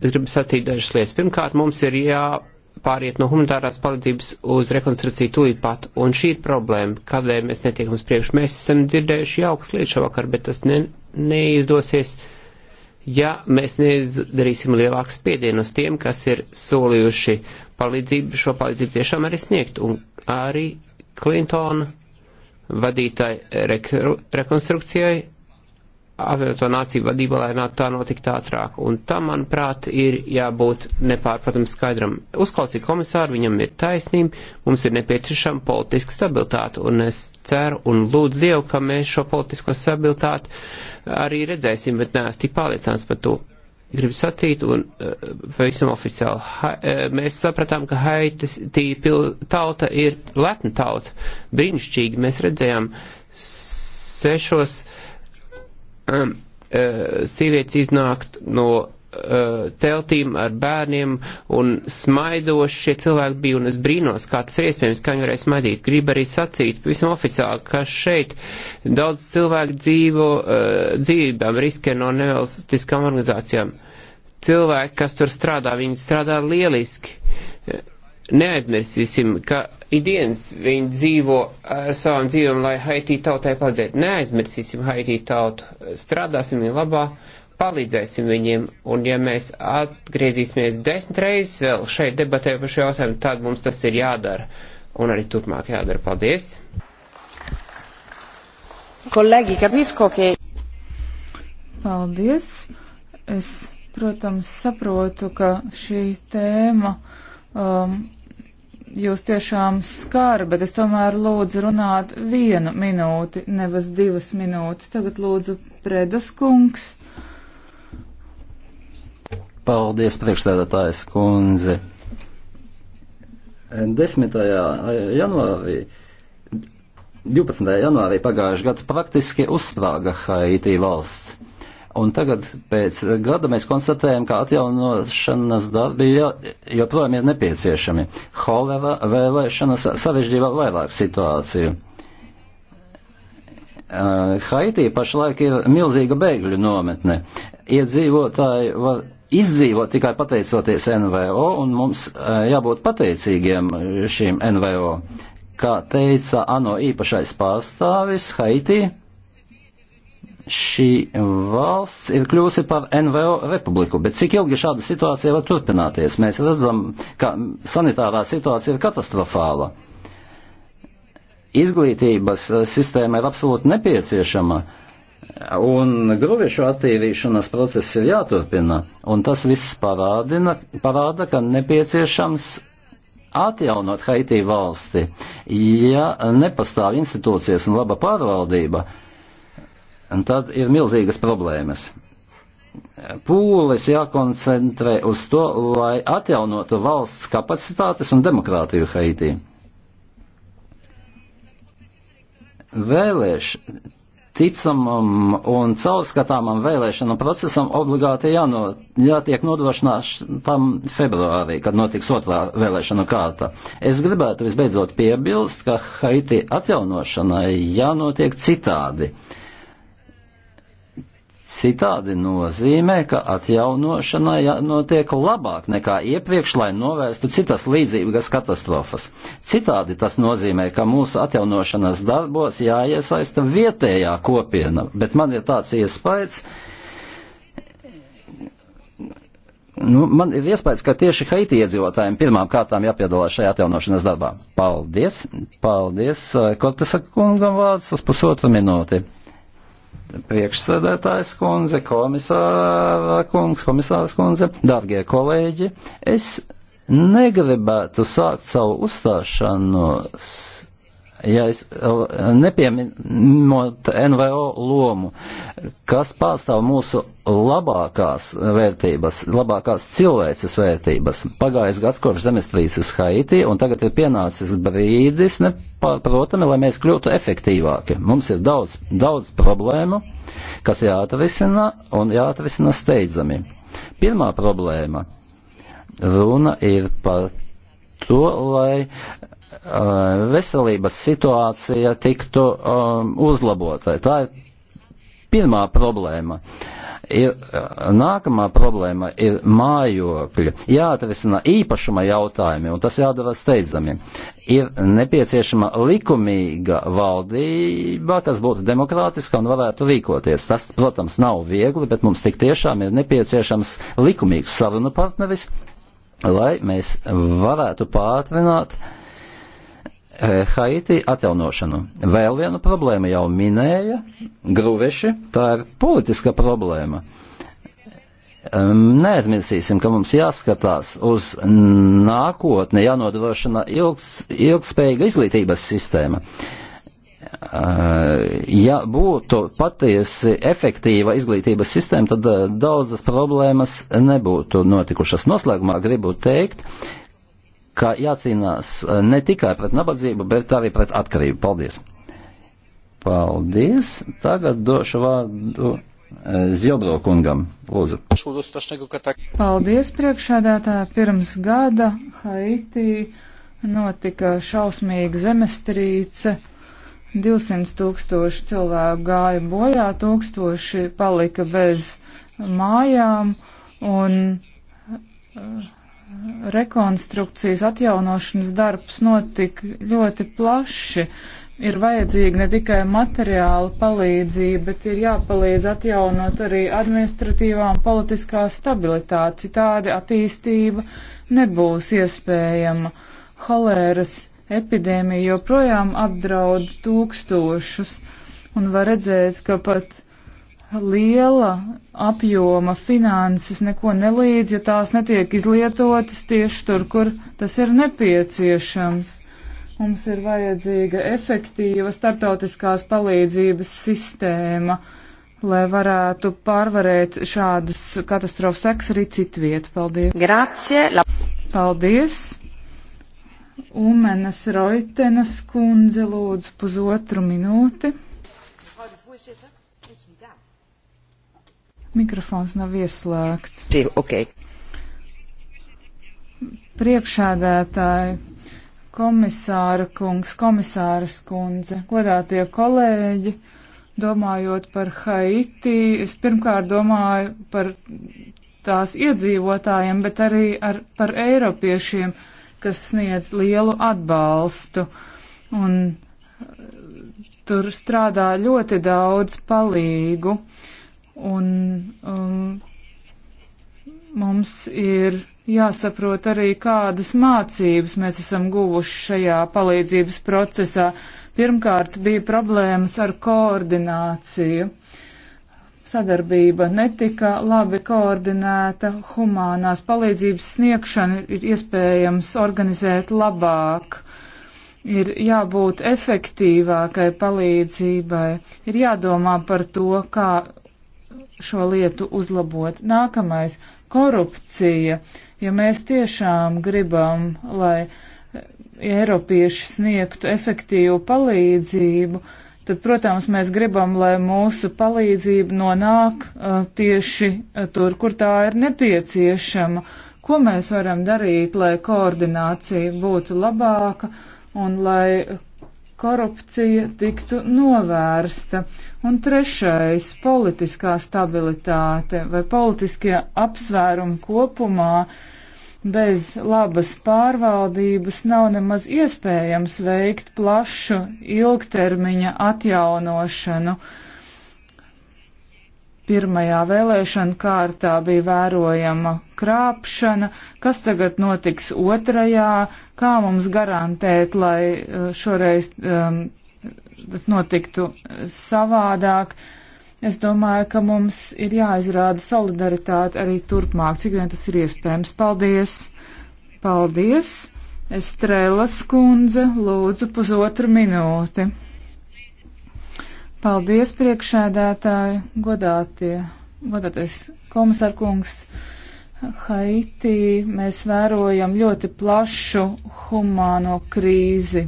Es gribu sacīt dažas lietas. Pirmkārt, mums ir jāpāriet no humanitārās palīdzības uz rekonstrukciju tūlīt pat, un šī ir problēma, kādēļ mēs netiekam uz priekšu. Mēs esam dzirdējuši jaukas lietas šovakar, bet tas ne, neizdosies, ja mēs neizdarīsim lielāku spiedienu uz tiem, kas ir solījuši palīdzību, šo palīdzību tiešām arī sniegt. Un arī Klintona vadītāja rekonstrukcijai avioto nāciju vadībā, lai tā notiktu ātrāk. Un tam, manuprāt, ir jābūt nepārprotams skaidram. Uzklausīt komisāru, viņam ir taisnība, mums ir nepieciešama politiska stabilitāte, un es ceru un lūdzu Dievu, ka mēs šo politisko stabilitāti arī redzēsim, bet neesmu tik pārliecināts par to gribu sacīt, un eh, pavisam oficiāli. Ha, eh, mēs sapratām, ka Haitis tauta ir lepna tauta, brīnišķīgi. Mēs redzējām sešos um, uh, sievietes iznākt no Eh, teltīm ar bērniem un smaidoši šie cilvēki bija un es brīnos, kā tas ir iespējams, kā viņi varēja smaidīt. Gribu arī sacīt visam oficiāli, ka šeit daudz cilvēku dzīvo eh, dzīvībām riskē no nevalstiskām organizācijām. Cilvēki, kas tur strādā, viņi strādā lieliski. Neaizmirsīsim, ka ikdienas viņi dzīvo ar eh, savām dzīvēm, lai Haitī tautai padzētu. Neaizmirsīsim Haitī tautu. Strādāsim viņa labā. Uh, palīdzēsim viņiem, un ja mēs atgriezīsimies desmit reizes vēl šeit debatē par šo jautājumu, tad mums tas ir jādara, un arī turpmāk jādara. Paldies! Kolēģi, kapisko, ka... Paldies! Es, protams, saprotu, ka šī tēma um, jūs tiešām skar, bet es tomēr lūdzu runāt vienu minūti, nevis divas minūtes. Tagad lūdzu Predas kungs. Paldies, priekšstādātājs kundze. 10. Eh, janvārī, 12. janvārī pagājušajā gadā praktiski uzsprāga Haiti valsts. Un tagad pēc gada mēs konstatējam, ka atjaunošanas darbi joprojām ir nepieciešami. Holera vēlēšanas sarežģīja vēl vairāk situāciju. Uh, eh, Haitī pašlaik ir milzīga bēgļu nometne. Iedzīvotāji var izdzīvot tikai pateicoties NVO, un mums e, jābūt pateicīgiem šīm NVO. Kā teica ANO īpašais pārstāvis Haiti, šī valsts ir kļūsi par NVO republiku, bet cik ilgi šāda situācija var turpināties? Mēs redzam, ka sanitārā situācija ir katastrofāla. Izglītības e, sistēma ir absolūti nepieciešama. Uh, Un gruviešu attīrīšanas process ir jāturpina, un tas viss parādina, parāda, ka nepieciešams atjaunot Haitī valsti, ja nepastāv institūcijas un laba pārvaldība, tad ir milzīgas problēmas. Pūles jākoncentrē uz to, lai atjaunotu valsts kapacitātes un demokrātiju Haitī. Vēlēš, ticamam un caurskatāmam vēlēšanu procesam obligāti jāno, jātiek nodrošinātam februārī, kad notiks otrā vēlēšanu kārta. Es gribētu visbeidzot piebilst, ka Haiti atjaunošanai jānotiek citādi. Uh, Citādi nozīmē, ka atjaunošanai notiek labāk nekā iepriekš, lai novērstu citas līdzīgas katastrofas. Citādi tas nozīmē, ka mūsu atjaunošanas darbos jāiesaista vietējā kopiena, bet man ir tāds iespējas, nu, man ir iespējas, ka tieši Haiti iedzīvotājiem pirmām kārtām jāpiedalās šajā atjaunošanas darbā. Paldies, paldies, eh, Kortesa kungam vārds uz pusotru minūti priekšsēdētājs kundze, komisāra kungs, komisārs kundze, dārgie kolēģi, es negribētu sākt savu uzstāšanos ja es eh, nepieminot NVO lomu, kas pārstāv mūsu labākās vērtības, labākās cilvēces vērtības. Pagājis gads kopš zemestrīces Haiti, un tagad ir pienācis brīdis, neprotami, lai mēs kļūtu efektīvāki. Mums ir daudz, daudz problēmu, kas jāatrisina un jāatrisina steidzami. Pirmā problēma. Runa ir par to, lai eh, veselības situācija tiktu um, uzlabota. Tā ir pirmā problēma. Ir, eh, nākamā problēma ir mājokļi. Jāatrisina īpašuma jautājumi, un tas jādara steidzami. Ir nepieciešama likumīga valdība, kas būtu demokrātiska un varētu rīkoties. Tas, protams, nav viegli, bet mums tik tiešām ir nepieciešams likumīgs sarunu partneris, lai mēs varētu pātrināt eh, Haiti atjaunošanu. Vēl viena problēma jau minēja - gruveši, tā ir politiska problēma. Neaizmirsīsim, ka mums jāskatās uz nākotni, jānodrošina ilgs, ilgspējīga izglītības sistēma. Uh, Eh, ja būtu patiesi efektīva izglītības sistēma, tad eh, daudzas problēmas nebūtu notikušas. Noslēgumā gribu teikt, ka jācīnās eh, ne tikai pret nabadzību, bet arī pret atkarību. Paldies! Paldies! Tagad došu vārdu. Zjobro kungam, lūdzu. Paldies priekšādātā. Pirms gada Haitī notika šausmīga zemestrīce 200 tūkstoši cilvēku gāja bojā, tūkstoši palika bez mājām un eh, rekonstrukcijas atjaunošanas darbs notika ļoti plaši. Ir vajadzīga ne tikai materiāla palīdzība, bet ir jāpalīdz atjaunot arī administratīvā un politiskā stabilitāte. Citādi attīstība nebūs iespējama. Holēras epidēmija joprojām apdraud tūkstošus un var redzēt, ka pat liela apjoma finanses neko nelīdz, ja tās netiek izlietotas tieši tur, kur tas ir nepieciešams. Mums ir vajadzīga efektīva starptautiskās palīdzības sistēma, lai varētu pārvarēt šādus katastrofu seks arī citviet. Paldies! Grazie! Paldies! Umenas Roitenas kundze lūdzu pusotru minūti. Mikrofons nav ieslēgts. Okay. Priekšādētāji, komisāra kungs, komisāras kundze, godātie kolēģi, domājot par Haiti, es pirmkārt domāju par tās iedzīvotājiem, bet arī ar, par eiropiešiem kas sniedz lielu atbalstu. Un uh, tur strādā ļoti daudz palīgu. Un um, mums ir jāsaprot arī, kādas mācības mēs esam guvuši šajā palīdzības procesā. Pirmkārt, bija problēmas ar koordināciju. Uh, sadarbība netika labi koordinēta, humānās palīdzības sniegšana ir iespējams organizēt labāk, ir jābūt efektīvākai palīdzībai, ir jādomā par to, kā šo lietu uzlabot. Nākamais - korupcija. Ja mēs tiešām gribam, lai Eiropieši sniegtu efektīvu palīdzību, uh, tad, protams, mēs gribam, lai mūsu palīdzība nonāk uh, tieši uh, tur, kur tā ir nepieciešama. Ko mēs varam darīt, lai koordinācija būtu labāka un lai korupcija tiktu novērsta. Un trešais - politiskā stabilitāte vai politiskie apsvērumi kopumā. Uh, Bez labas pārvaldības nav nemaz iespējams veikt plašu ilgtermiņa atjaunošanu. Pirmajā vēlēšana kārtā bija vērojama krāpšana, kas tagad notiks otrajā, kā mums garantēt, lai eh, šoreiz um, tas notiktu savādāk. Uh, Es domāju, ka mums ir jāizrāda solidaritāte arī turpmāk, cik vien tas ir iespējams. Paldies! Paldies! Estrēlas kundze, lūdzu, pusotru minūti. Paldies, priekšēdētāji, godātie, godātais komisārkungs. Haitī mēs vērojam ļoti plašu humāno krīzi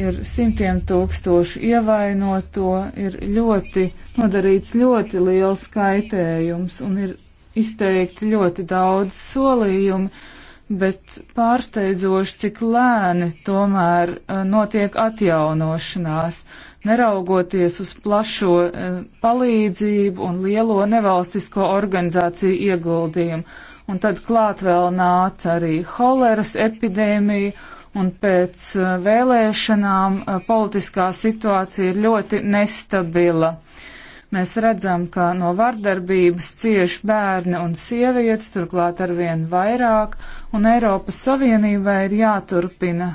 ir simtiem tūkstošu ievainoto, ir ļoti nodarīts ļoti liels kaitējums un ir izteikti ļoti daudz solījumu, bet pārsteidzoši, cik lēni tomēr eh, notiek atjaunošanās, neraugoties uz plašo eh, palīdzību un lielo nevalstisko organizāciju ieguldījumu un tad klāt vēl nāca arī holeras epidēmija, un pēc uh, vēlēšanām uh, politiskā situācija ir ļoti nestabila. Mēs redzam, ka no vardarbības cieš bērni un sievietes, turklāt arvien vairāk, un Eiropas Savienībai ir jāturpina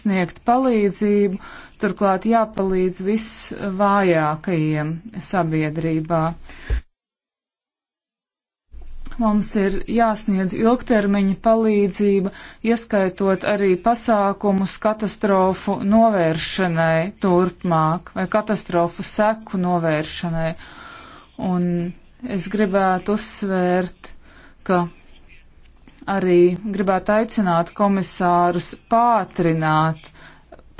sniegt palīdzību, turklāt jāpalīdz visvājākajiem sabiedrībā. Mums ir jāsniedz ilgtermiņa palīdzība, ieskaitot arī pasākumus katastrofu novēršanai turpmāk vai katastrofu seku novēršanai. Un es gribētu uzsvērt, ka arī gribētu aicināt komisārus pātrināt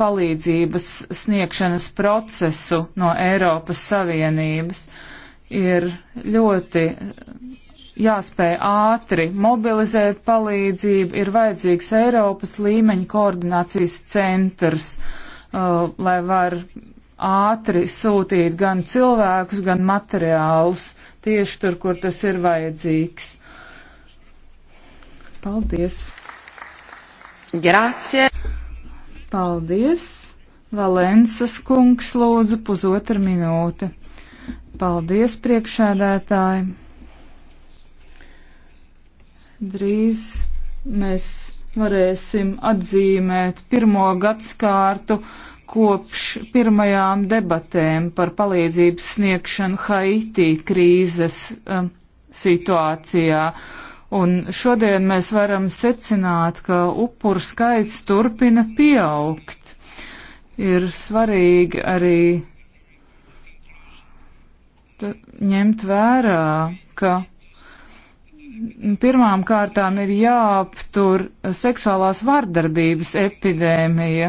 palīdzības sniegšanas procesu no Eiropas Savienības. Ir ļoti jāspēj ātri mobilizēt palīdzību, ir vajadzīgs Eiropas līmeņa koordinācijas centrs, uh, lai var ātri sūtīt gan cilvēkus, gan materiālus tieši tur, kur tas ir vajadzīgs. Paldies! Grācie! Paldies! Valensas kungs lūdzu pusotru minūti. Paldies, priekšēdētāji! drīz mēs varēsim atzīmēt pirmo gadskārtu kopš pirmajām debatēm par palīdzības sniegšanu Haiti krīzes um, situācijā. Un šodien mēs varam secināt, ka upuru skaits turpina pieaugt. Ir svarīgi arī ņemt vērā, ka pirmām kārtām ir jāaptur seksuālās vardarbības epidēmija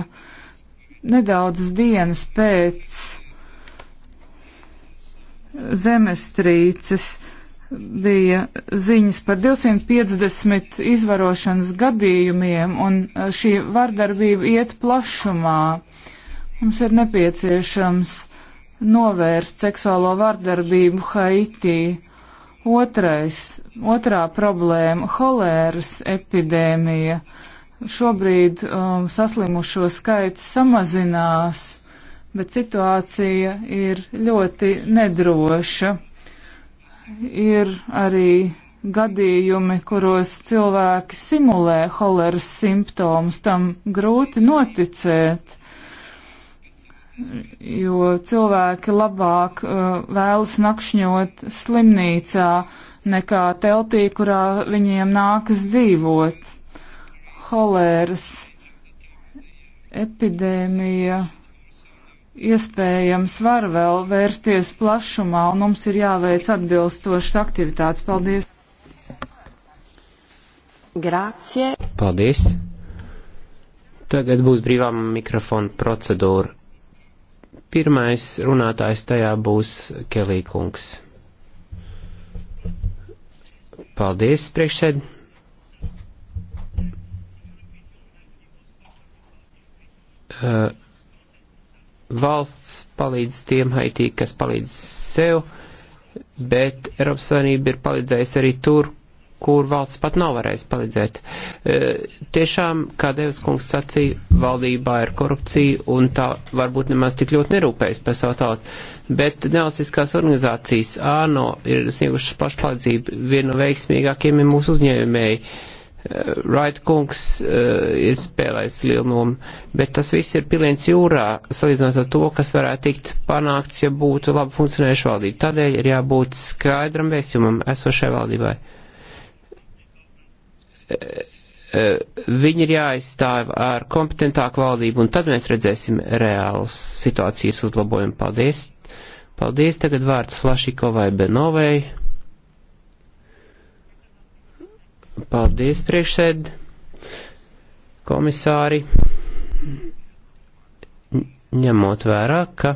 nedaudz dienas pēc zemestrīces bija ziņas par 250 izvarošanas gadījumiem, un e, šī vardarbība iet plašumā. Mums ir nepieciešams novērst seksuālo vardarbību Haitī. Otrais, otrā problēma - holēras epidēmija. Šobrīd um, saslimušo skaits samazinās, bet situācija ir ļoti nedroša. Ir arī gadījumi, kuros cilvēki simulē holēras simptomus, tam grūti noticēt jo cilvēki labāk uh, vēlas nakšņot slimnīcā nekā teltī, kurā viņiem nākas dzīvot. Holēras epidēmija iespējams var vēl vērsties plašumā, un mums ir jāveic atbilstošas aktivitātes. Paldies! Grācie! Paldies! Tagad būs brīvā mikrofona procedūra. Pirmais runātājs tajā būs Kelīkungs. Paldies, priekšsēd. Uh, valsts palīdz tiem Haitī, kas palīdz sev, bet Eiropas Savienība ir palīdzējusi arī tur, kur valsts pat nav varējis palīdzēt. E, tiešām, kā Devas kungs sacīja, valdībā ir korupcija un tā varbūt nemaz tik ļoti nerūpējas par savu tautu. Bet nevalstiskās organizācijas ANO ir sniegušas pašpalīdzību. Viena no veiksmīgākiem ir mūsu uzņēmēji. E, Raita kungs uh, ir spēlējis lielu nomu, bet tas viss ir piliens jūrā, salīdzinot ar to, kas varētu tikt panākts, ja būtu labi funkcionējuši valdība. Tādēļ ir jābūt skaidram vēstījumam esošai valdībai. Uh, Viņi ir jāaizstāv ar kompetentāku valdību, un tad mēs redzēsim reāls situācijas uzlabojumu. Paldies! Paldies! Tagad vārds Flašikovai Benovai. Paldies, priekšsēd, komisāri, ņemot vērā, ka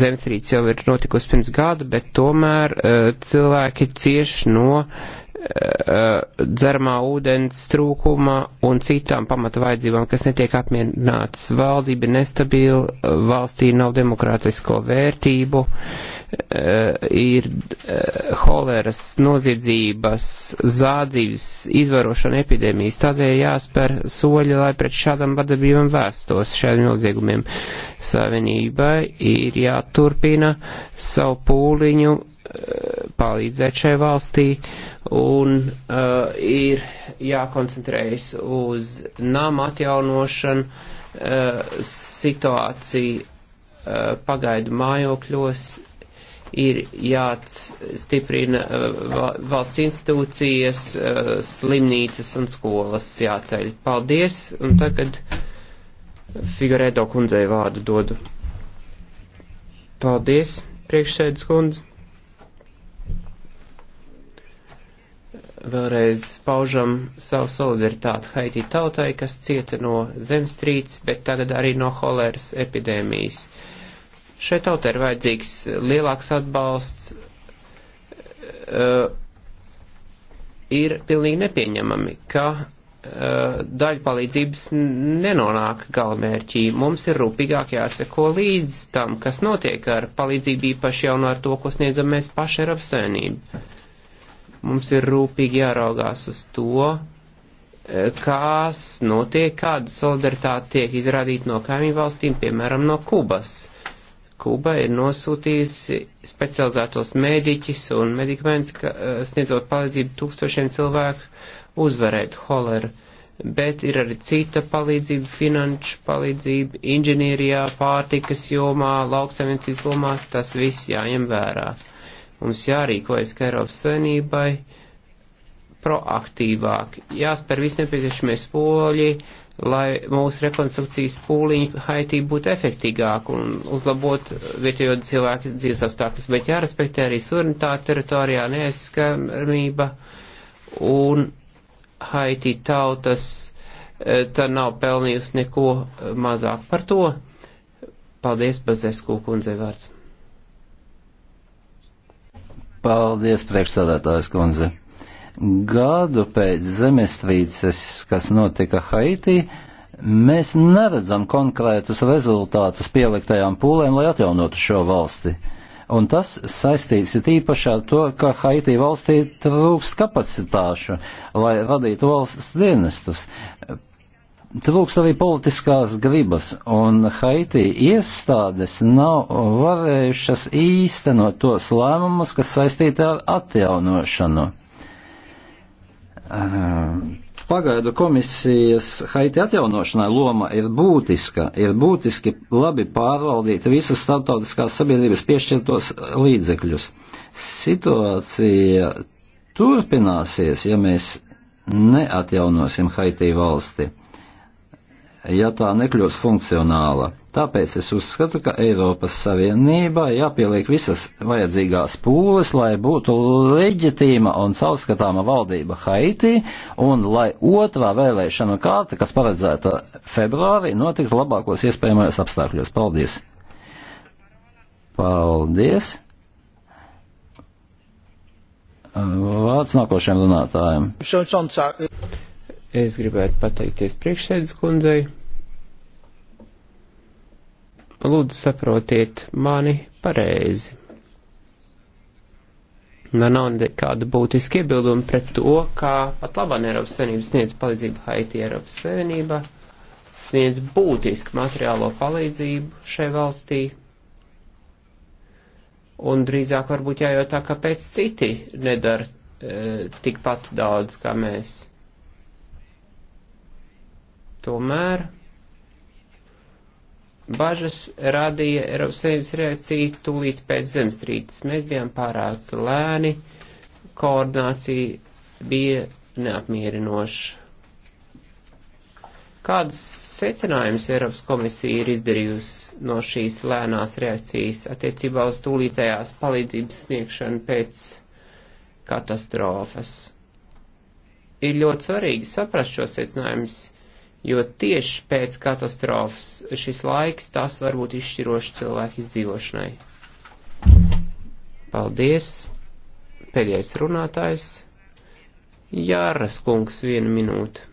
zemstrīce jau ir notikusi pirms gada, bet tomēr eh, cilvēki cieš no eh, dzeramā ūdens trūkuma un citām pamata vajadzībām, kas netiek apmierinātas. Valdība nestabila, valstī nav demokrātisko vērtību, uh, Eh, ir eh, holeras, noziedzības, zādzības, izvarošana epidēmijas. Tādēļ jāspēr soļi, lai pret šādam badabībam vēstos šādiem noziegumiem. Savienībai ir jāturpina savu pūliņu eh, palīdzēt šai valstī un uh, ir jākoncentrējas uz nama atjaunošanu, uh, situāciju uh, pagaidu mājokļos, ir jāstiprina eh, valsts institūcijas, eh, slimnīcas un skolas jāceļ. Paldies, un tagad Figurēdo kundzei vārdu dodu. Paldies, priekšsēdus kundze. Vēlreiz paužam savu solidaritāti Haiti tautai, kas cieta no zemstrīts, bet tagad arī no holēras epidēmijas. Uh, Šai tautai ir vajadzīgs lielāks atbalsts. Uh, ir pilnīgi nepieņemami, ka uh, e, daļa palīdzības nenonāk galmērķī. Mums ir rūpīgāk jāseko līdz tam, kas notiek ar palīdzību īpaši jau no ar to, ko sniedzam mēs paši ar apsēnību. Mums ir rūpīgi jāraugās uz to, e, kas notiek, kāda solidaritāte tiek izrādīta no kaimiņu valstīm, piemēram, no Kubas. Kuba ir nosūtījusi specializētos mēdīķis un medikaments, ka, eh, sniedzot palīdzību tūkstošiem cilvēku uzvarēt holeru. Bet ir arī cita palīdzība, finanšu palīdzība, inženierijā, pārtikas jomā, lauksaimniecības lomā, tas viss jāņem vērā. Mums jārīkojas, ka Eiropas Savienībai proaktīvāk jāspēr visi nepieciešamie spoļi, uh, lai mūsu rekonstrukcijas pūliņi Haitī būtu efektīgāki un uzlabot vietējo cilvēku dzīves apstākļus, bet jārespektē arī suverenitāte teritorijā, neaizskamība un Haitī tautas e, tā nav pelnījusi neko mazāk par to. Paldies, Bazesku kundzei vārds. Paldies, priekšsādātājs kundze. Gadu pēc zemestrīces, kas notika Haitī, mēs neredzam konkrētus rezultātus pieliktajām pūlēm, lai atjaunotu šo valsti. Un tas saistīts ir īpaši ar to, ka Haitī valstī trūkst kapacitāšu, lai radītu valsts dienestus. Trūkst arī politiskās gribas, un Haitī iestādes nav varējušas īstenot tos lēmumus, kas saistīti ar atjaunošanu Pagaidu komisijas Haiti atjaunošanai loma ir būtiska. Ir būtiski labi pārvaldīt visas starptautiskās sabiedrības piešķirtos līdzekļus. Situācija turpināsies, ja mēs neatjaunosim Haiti valsti ja tā nekļūs funkcionāla. Tāpēc es uzskatu, ka Eiropas Savienībā jāpieliek visas vajadzīgās pūles, lai būtu leģitīma un caurskatāma valdība Haitī, un lai otrā vēlēšana kārta, kas paredzēta februārī, notiktu labākos iespējamajos apstākļos. Paldies! Paldies! Vārds nākošajam runātājam. Es gribētu pateikties priekšsēdus kundzei. Lūdzu, saprotiet mani pareizi. Man nav nekāda būtiska iebilduma pret to, kā pat labāk Eiropas Savienība sniedz palīdzību Haiti Eiropas Savienībā, sniedz būtisku materiālo palīdzību šai valstī, un drīzāk varbūt jājautā, kāpēc citi nedara e, tikpat daudz kā mēs. Tomēr bažas radīja Eiropas Savienības reakcija tūlīt pēc zemstrītes. Mēs bijām pārāk lēni, koordinācija bija neapmierinoša. Kādas secinājumus Eiropas komisija ir izdarījusi no šīs lēnās reakcijas attiecībā uz tūlītējās palīdzības sniegšanu pēc katastrofas? Ir ļoti svarīgi saprast šos secinājumus jo tieši pēc katastrofas šis laiks tas var būt izšķiroši cilvēku izdzīvošanai. Paldies! Pēdējais runātājs Jāras kungs vienu minūtu.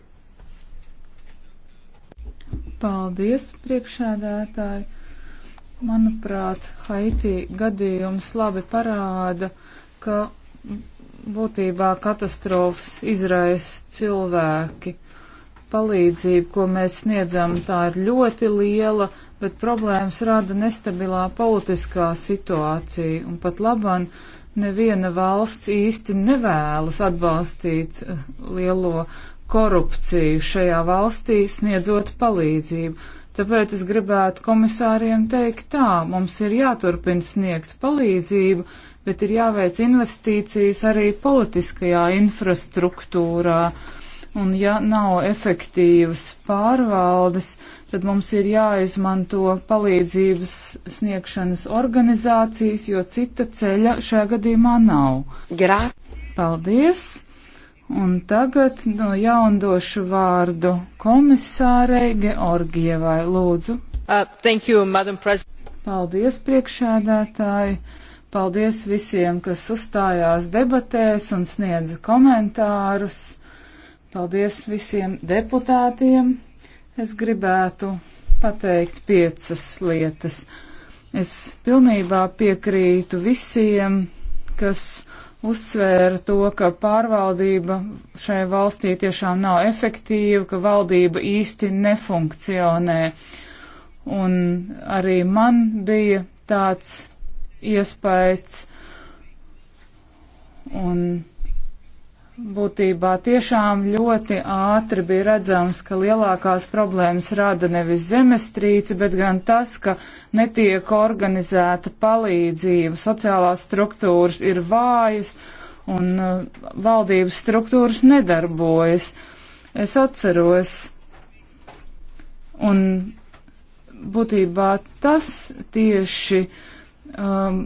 Paldies, priekšēdētāji! Manuprāt, Haiti gadījums labi parāda, ka būtībā katastrofas izraisa cilvēki palīdzība, ko mēs sniedzam, tā ir ļoti liela, bet problēmas rada nestabilā politiskā situācija. Un pat laban neviena valsts īsti nevēlas atbalstīt eh, lielo korupciju šajā valstī, sniedzot palīdzību. Tāpēc es gribētu komisāriem teikt tā, mums ir jāturpina sniegt palīdzību, bet ir jāveic investīcijas arī politiskajā infrastruktūrā un ja nav efektīvas pārvaldes, tad mums ir jāizmanto palīdzības sniegšanas organizācijas, jo cita ceļa šajā gadījumā nav. Grā. Paldies! Un tagad no nu, jaundošu vārdu komisārei Georgievai lūdzu. Uh, thank you, Madam President. Paldies, priekšēdētāji. Paldies visiem, kas uzstājās debatēs un sniedza komentārus. Paldies visiem deputātiem. Es gribētu pateikt piecas lietas. Es pilnībā piekrītu visiem, kas uzsvēra to, ka pārvaldība šajā valstī tiešām nav efektīva, ka valdība īsti nefunkcionē. Un arī man bija tāds iespējas. Un būtībā tiešām ļoti ātri bija redzams, ka lielākās problēmas rada nevis zemestrīce, bet gan tas, ka netiek organizēta palīdzība, sociālās struktūras ir vājas un uh, valdības struktūras nedarbojas. Es atceros, un būtībā tas tieši um,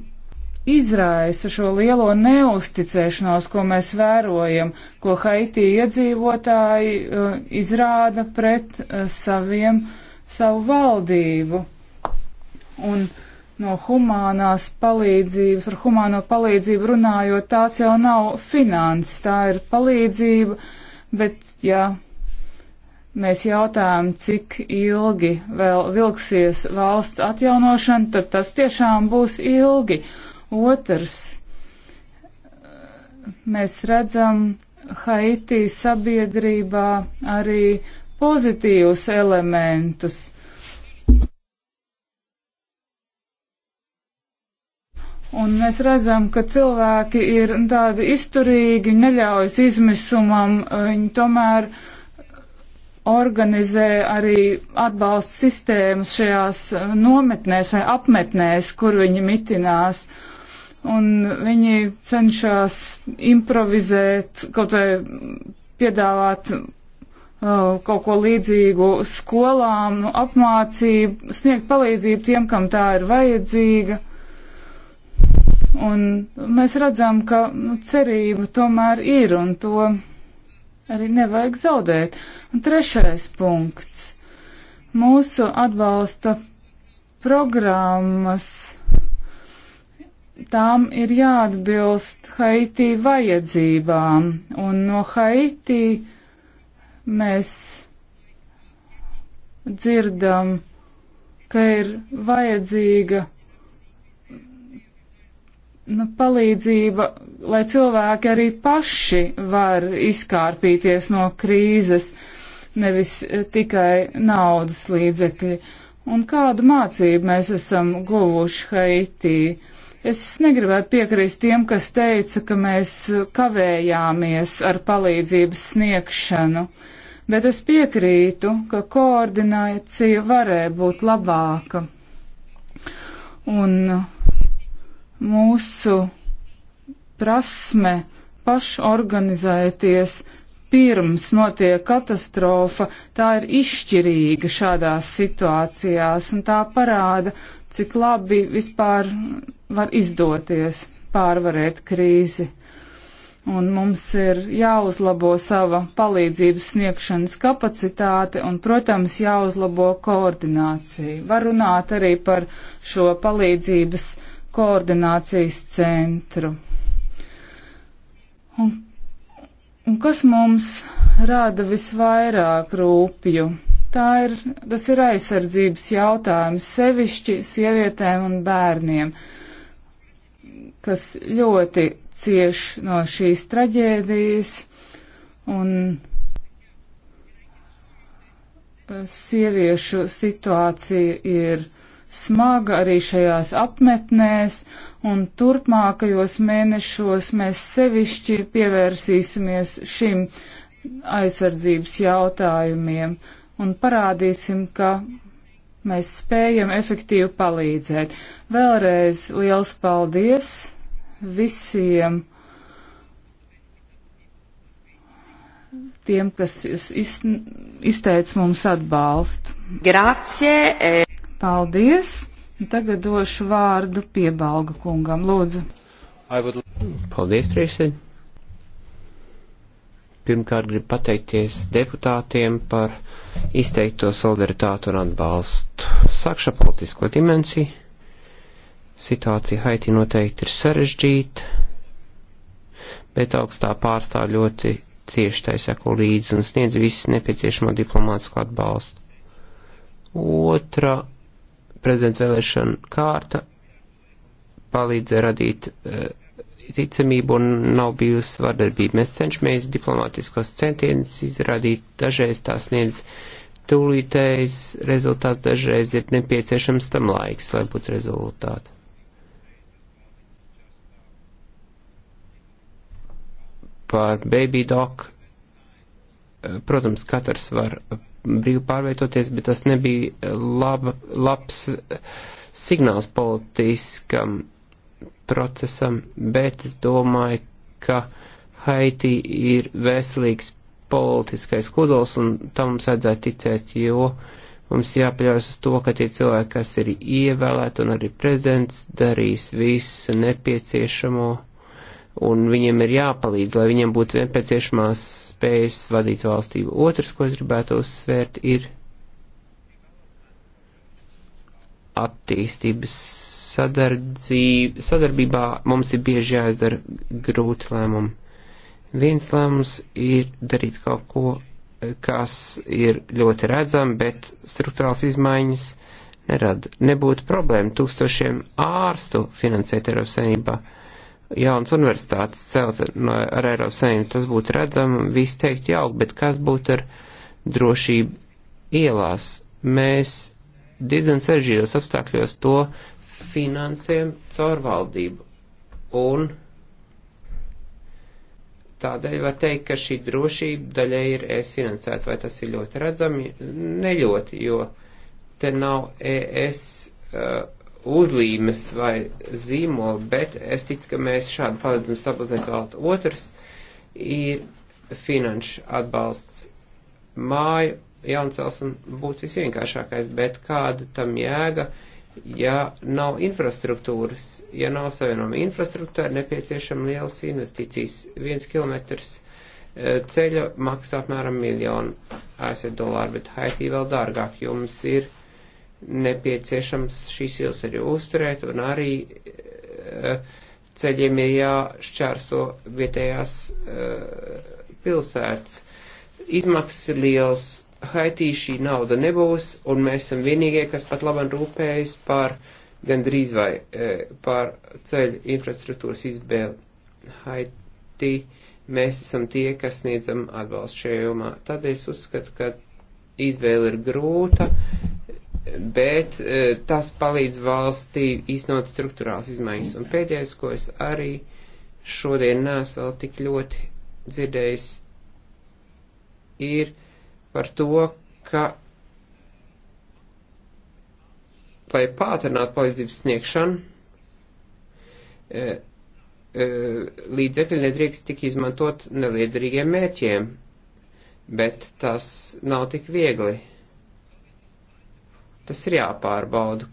izraisa šo lielo neusticēšanos, ko mēs vērojam, ko Haiti iedzīvotāji uh, izrāda pret uh, saviem, savu valdību. Un no humānās palīdzības, par humāno palīdzību runājot, tās jau nav finanses, tā ir palīdzība, bet, jā, mēs jautājam, cik ilgi vēl vilksies valsts atjaunošana, tad tas tiešām būs ilgi. Otrs, mēs redzam Haitī sabiedrībā arī pozitīvus elementus. Un mēs redzam, ka cilvēki ir tādi izturīgi, neļaujas izmisumam, viņi tomēr organizē arī atbalsta sistēmas šajās nometnēs vai apmetnēs, kur viņi mitinās. Uh, un viņi cenšas improvizēt, kaut vai piedāvāt uh, kaut ko līdzīgu skolām, nu, apmācību, sniegt palīdzību tiem, kam tā ir vajadzīga. Un mēs redzam, ka nu, cerība tomēr ir, un to arī nevajag zaudēt. Un trešais punkts. Mūsu atbalsta programmas tām ir jāatbilst Haitī vajadzībām, un no Haitī mēs dzirdam, ka ir vajadzīga nu, palīdzība, lai cilvēki arī paši var izkārpīties no krīzes, nevis eh, tikai naudas līdzekļi. Un kādu mācību mēs esam guvuši Haitī? Es negribētu piekrist tiem, kas teica, ka mēs kavējāmies ar palīdzības sniegšanu, bet es piekrītu, ka koordinācija varēja būt labāka. Un mūsu prasme pašorganizēties pirms notiek katastrofa, tā ir izšķirīga šādās situācijās, un tā parāda cik labi vispār var izdoties pārvarēt krīzi. Un mums ir jāuzlabo sava palīdzības sniegšanas kapacitāte un, protams, jāuzlabo koordinācija. Var runāt arī par šo palīdzības koordinācijas centru. Un, un kas mums rada visvairāk rūpju? Tā ir, tas ir aizsardzības jautājums, sevišķi sievietēm un bērniem, kas ļoti cieš no šīs traģēdijas un e, sieviešu situācija ir smaga arī šajās apmetnēs, un turpmākajos mēnešos mēs sevišķi pievērsīsimies šim aizsardzības jautājumiem un parādīsim, ka mēs spējam efektīvi palīdzēt. Vēlreiz liels paldies visiem tiem, kas iz, izteica mums atbalstu. Grācie! E- paldies! Tagad došu vārdu piebalga kungam, lūdzu. Would... Paldies, priekšsēdētāji! Pirmkārt, gribu pateikties deputātiem par izteikto solidaritātu un atbalstu. Sākšu politisko dimensiju. Situācija Haiti noteikti ir sarežģīta, bet augstā pārstāv ļoti cieši tai seko līdzi un sniedz visu nepieciešamo diplomātisko atbalstu. Otra prezidenta vēlēšana kārta palīdzēja radīt uh, ticamību un nav bijusi vardarbība. Mēs cenšamies diplomātiskos centienus izrādīt, dažreiz tās sniedz tūlītējs rezultāts, dažreiz ir nepieciešams tam laiks, lai būtu rezultāti. Par baby doc, protams, katrs var brīvi pārvietoties, bet tas nebija laba, labs signāls politiskam procesam, bet es domāju, ka Haiti ir veselīgs politiskais kodols un tam mums vajadzētu ticēt, jo mums jāpaļaujas uz to, ka tie cilvēki, kas ir ievēlēti un arī prezidents, darīs visu nepieciešamo un viņiem ir jāpalīdz, lai viņiem būtu nepieciešamās spējas vadīt valstību. Otrs, ko es gribētu uzsvērt, ir attīstības sadarbībā mums ir bieži jāizdara grūti lēmumi. Viens lēmums ir darīt kaut ko, kas ir ļoti redzam, bet struktūrāls izmaiņas nerada. Nebūtu problēma tūkstošiem ārstu finansēt Eiropas saimnībā. Jauns universitātes celt no, ar Eiropas saimnību, tas būtu redzam, viss teikt jauk, bet kas būtu ar drošību ielās? Mēs diezgan sarežģītos apstākļos to finansēm caur valdību. Un tādēļ var teikt, ka šī drošība daļai ir es finansēta. Vai tas ir ļoti redzami? Neļoti, jo te nav ES. Uh, uzlīmes vai zīmola, bet es ticu, ka mēs šādu palīdzam stabilizēt valūtu. Otrs ir finanšu atbalsts māju jauncels un būtu visvienkāršākais, bet kāda tam jēga, ja nav infrastruktūras, ja nav savienojuma infrastruktūra, nepieciešama lielas investīcijas. Viens kilometrs e, ceļa maksā apmēram miljonu ASV dolāru, bet Haitī vēl dārgāk, jo mums ir nepieciešams šīs ielas arī uzturēt un arī e, ceļiem ir jāšķērso vietējās e, pilsētas. Izmaksas ir liels, Haitī šī nauda nebūs, un mēs esam vienīgie, kas pat labam rūpējas par gandrīz vai e, par ceļu infrastruktūras izbēli Haitī. Mēs esam tie, kas sniedzam atbalstu šajā jomā. Tādēļ es uzskatu, ka izvēle ir grūta, bet e, tas palīdz valstī iznot struktūrāls izmaiņas. Un pēdējais, ko es arī šodien nesu vēl tik ļoti dzirdējis, ir par to, ka, lai pātrinātu palīdzības sniegšanu, e, e, līdzekļi nedrīkst tik izmantot neliederīgiem mērķiem, bet tas nav tik viegli. Tas ir jāpārbauda,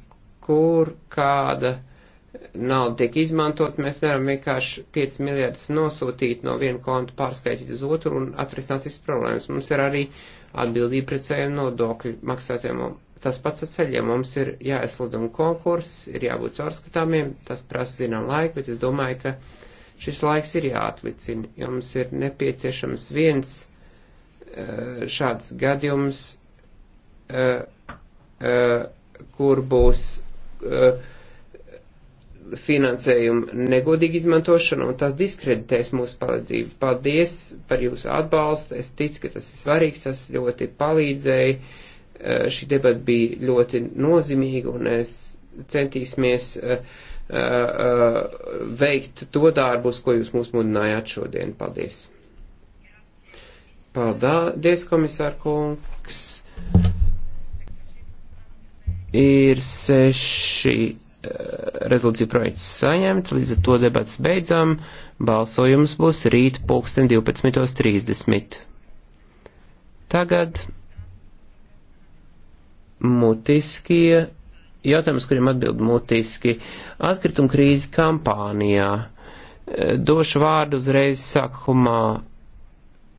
kur kāda nauda tiek izmantot, mēs nevaram vienkārši 5 miljardus nosūtīt no viena konta pārskaitīt uz otru un atrisināt visas problēmas. Mums ir arī uh, atbildību pret saviem nodokļu maksātiem. Tas pats ar ceļiem mums ir jāiesludina konkurss, ir jābūt caurskatāmiem, tas prasa zinām laiku, bet es domāju, ka šis laiks ir jāatlicina, jo mums ir nepieciešams viens eh, šāds gadījums, eh, eh, kur būs finansējumu negodīgu izmantošanu, un tas diskreditēs mūsu palīdzību. Paldies par jūsu atbalstu, es ticu, ka tas ir svarīgs, tas ļoti palīdzēja, eh, šī debata bija ļoti nozīmīga, un es centīsimies eh, eh, veikt to darbus, ko jūs mūs mudinājāt šodien. Paldies! Paldies, komisār kungs! Ir seši Eh, rezolūcija projekts saņemt, līdz ar to debats beidzam. Balsojums būs rīt pulksten 12.30. Tagad mutiskie, jautājums, kuriem atbild mutiski, atkrituma krīze kampānijā. Eh, došu vārdu uzreiz sākumā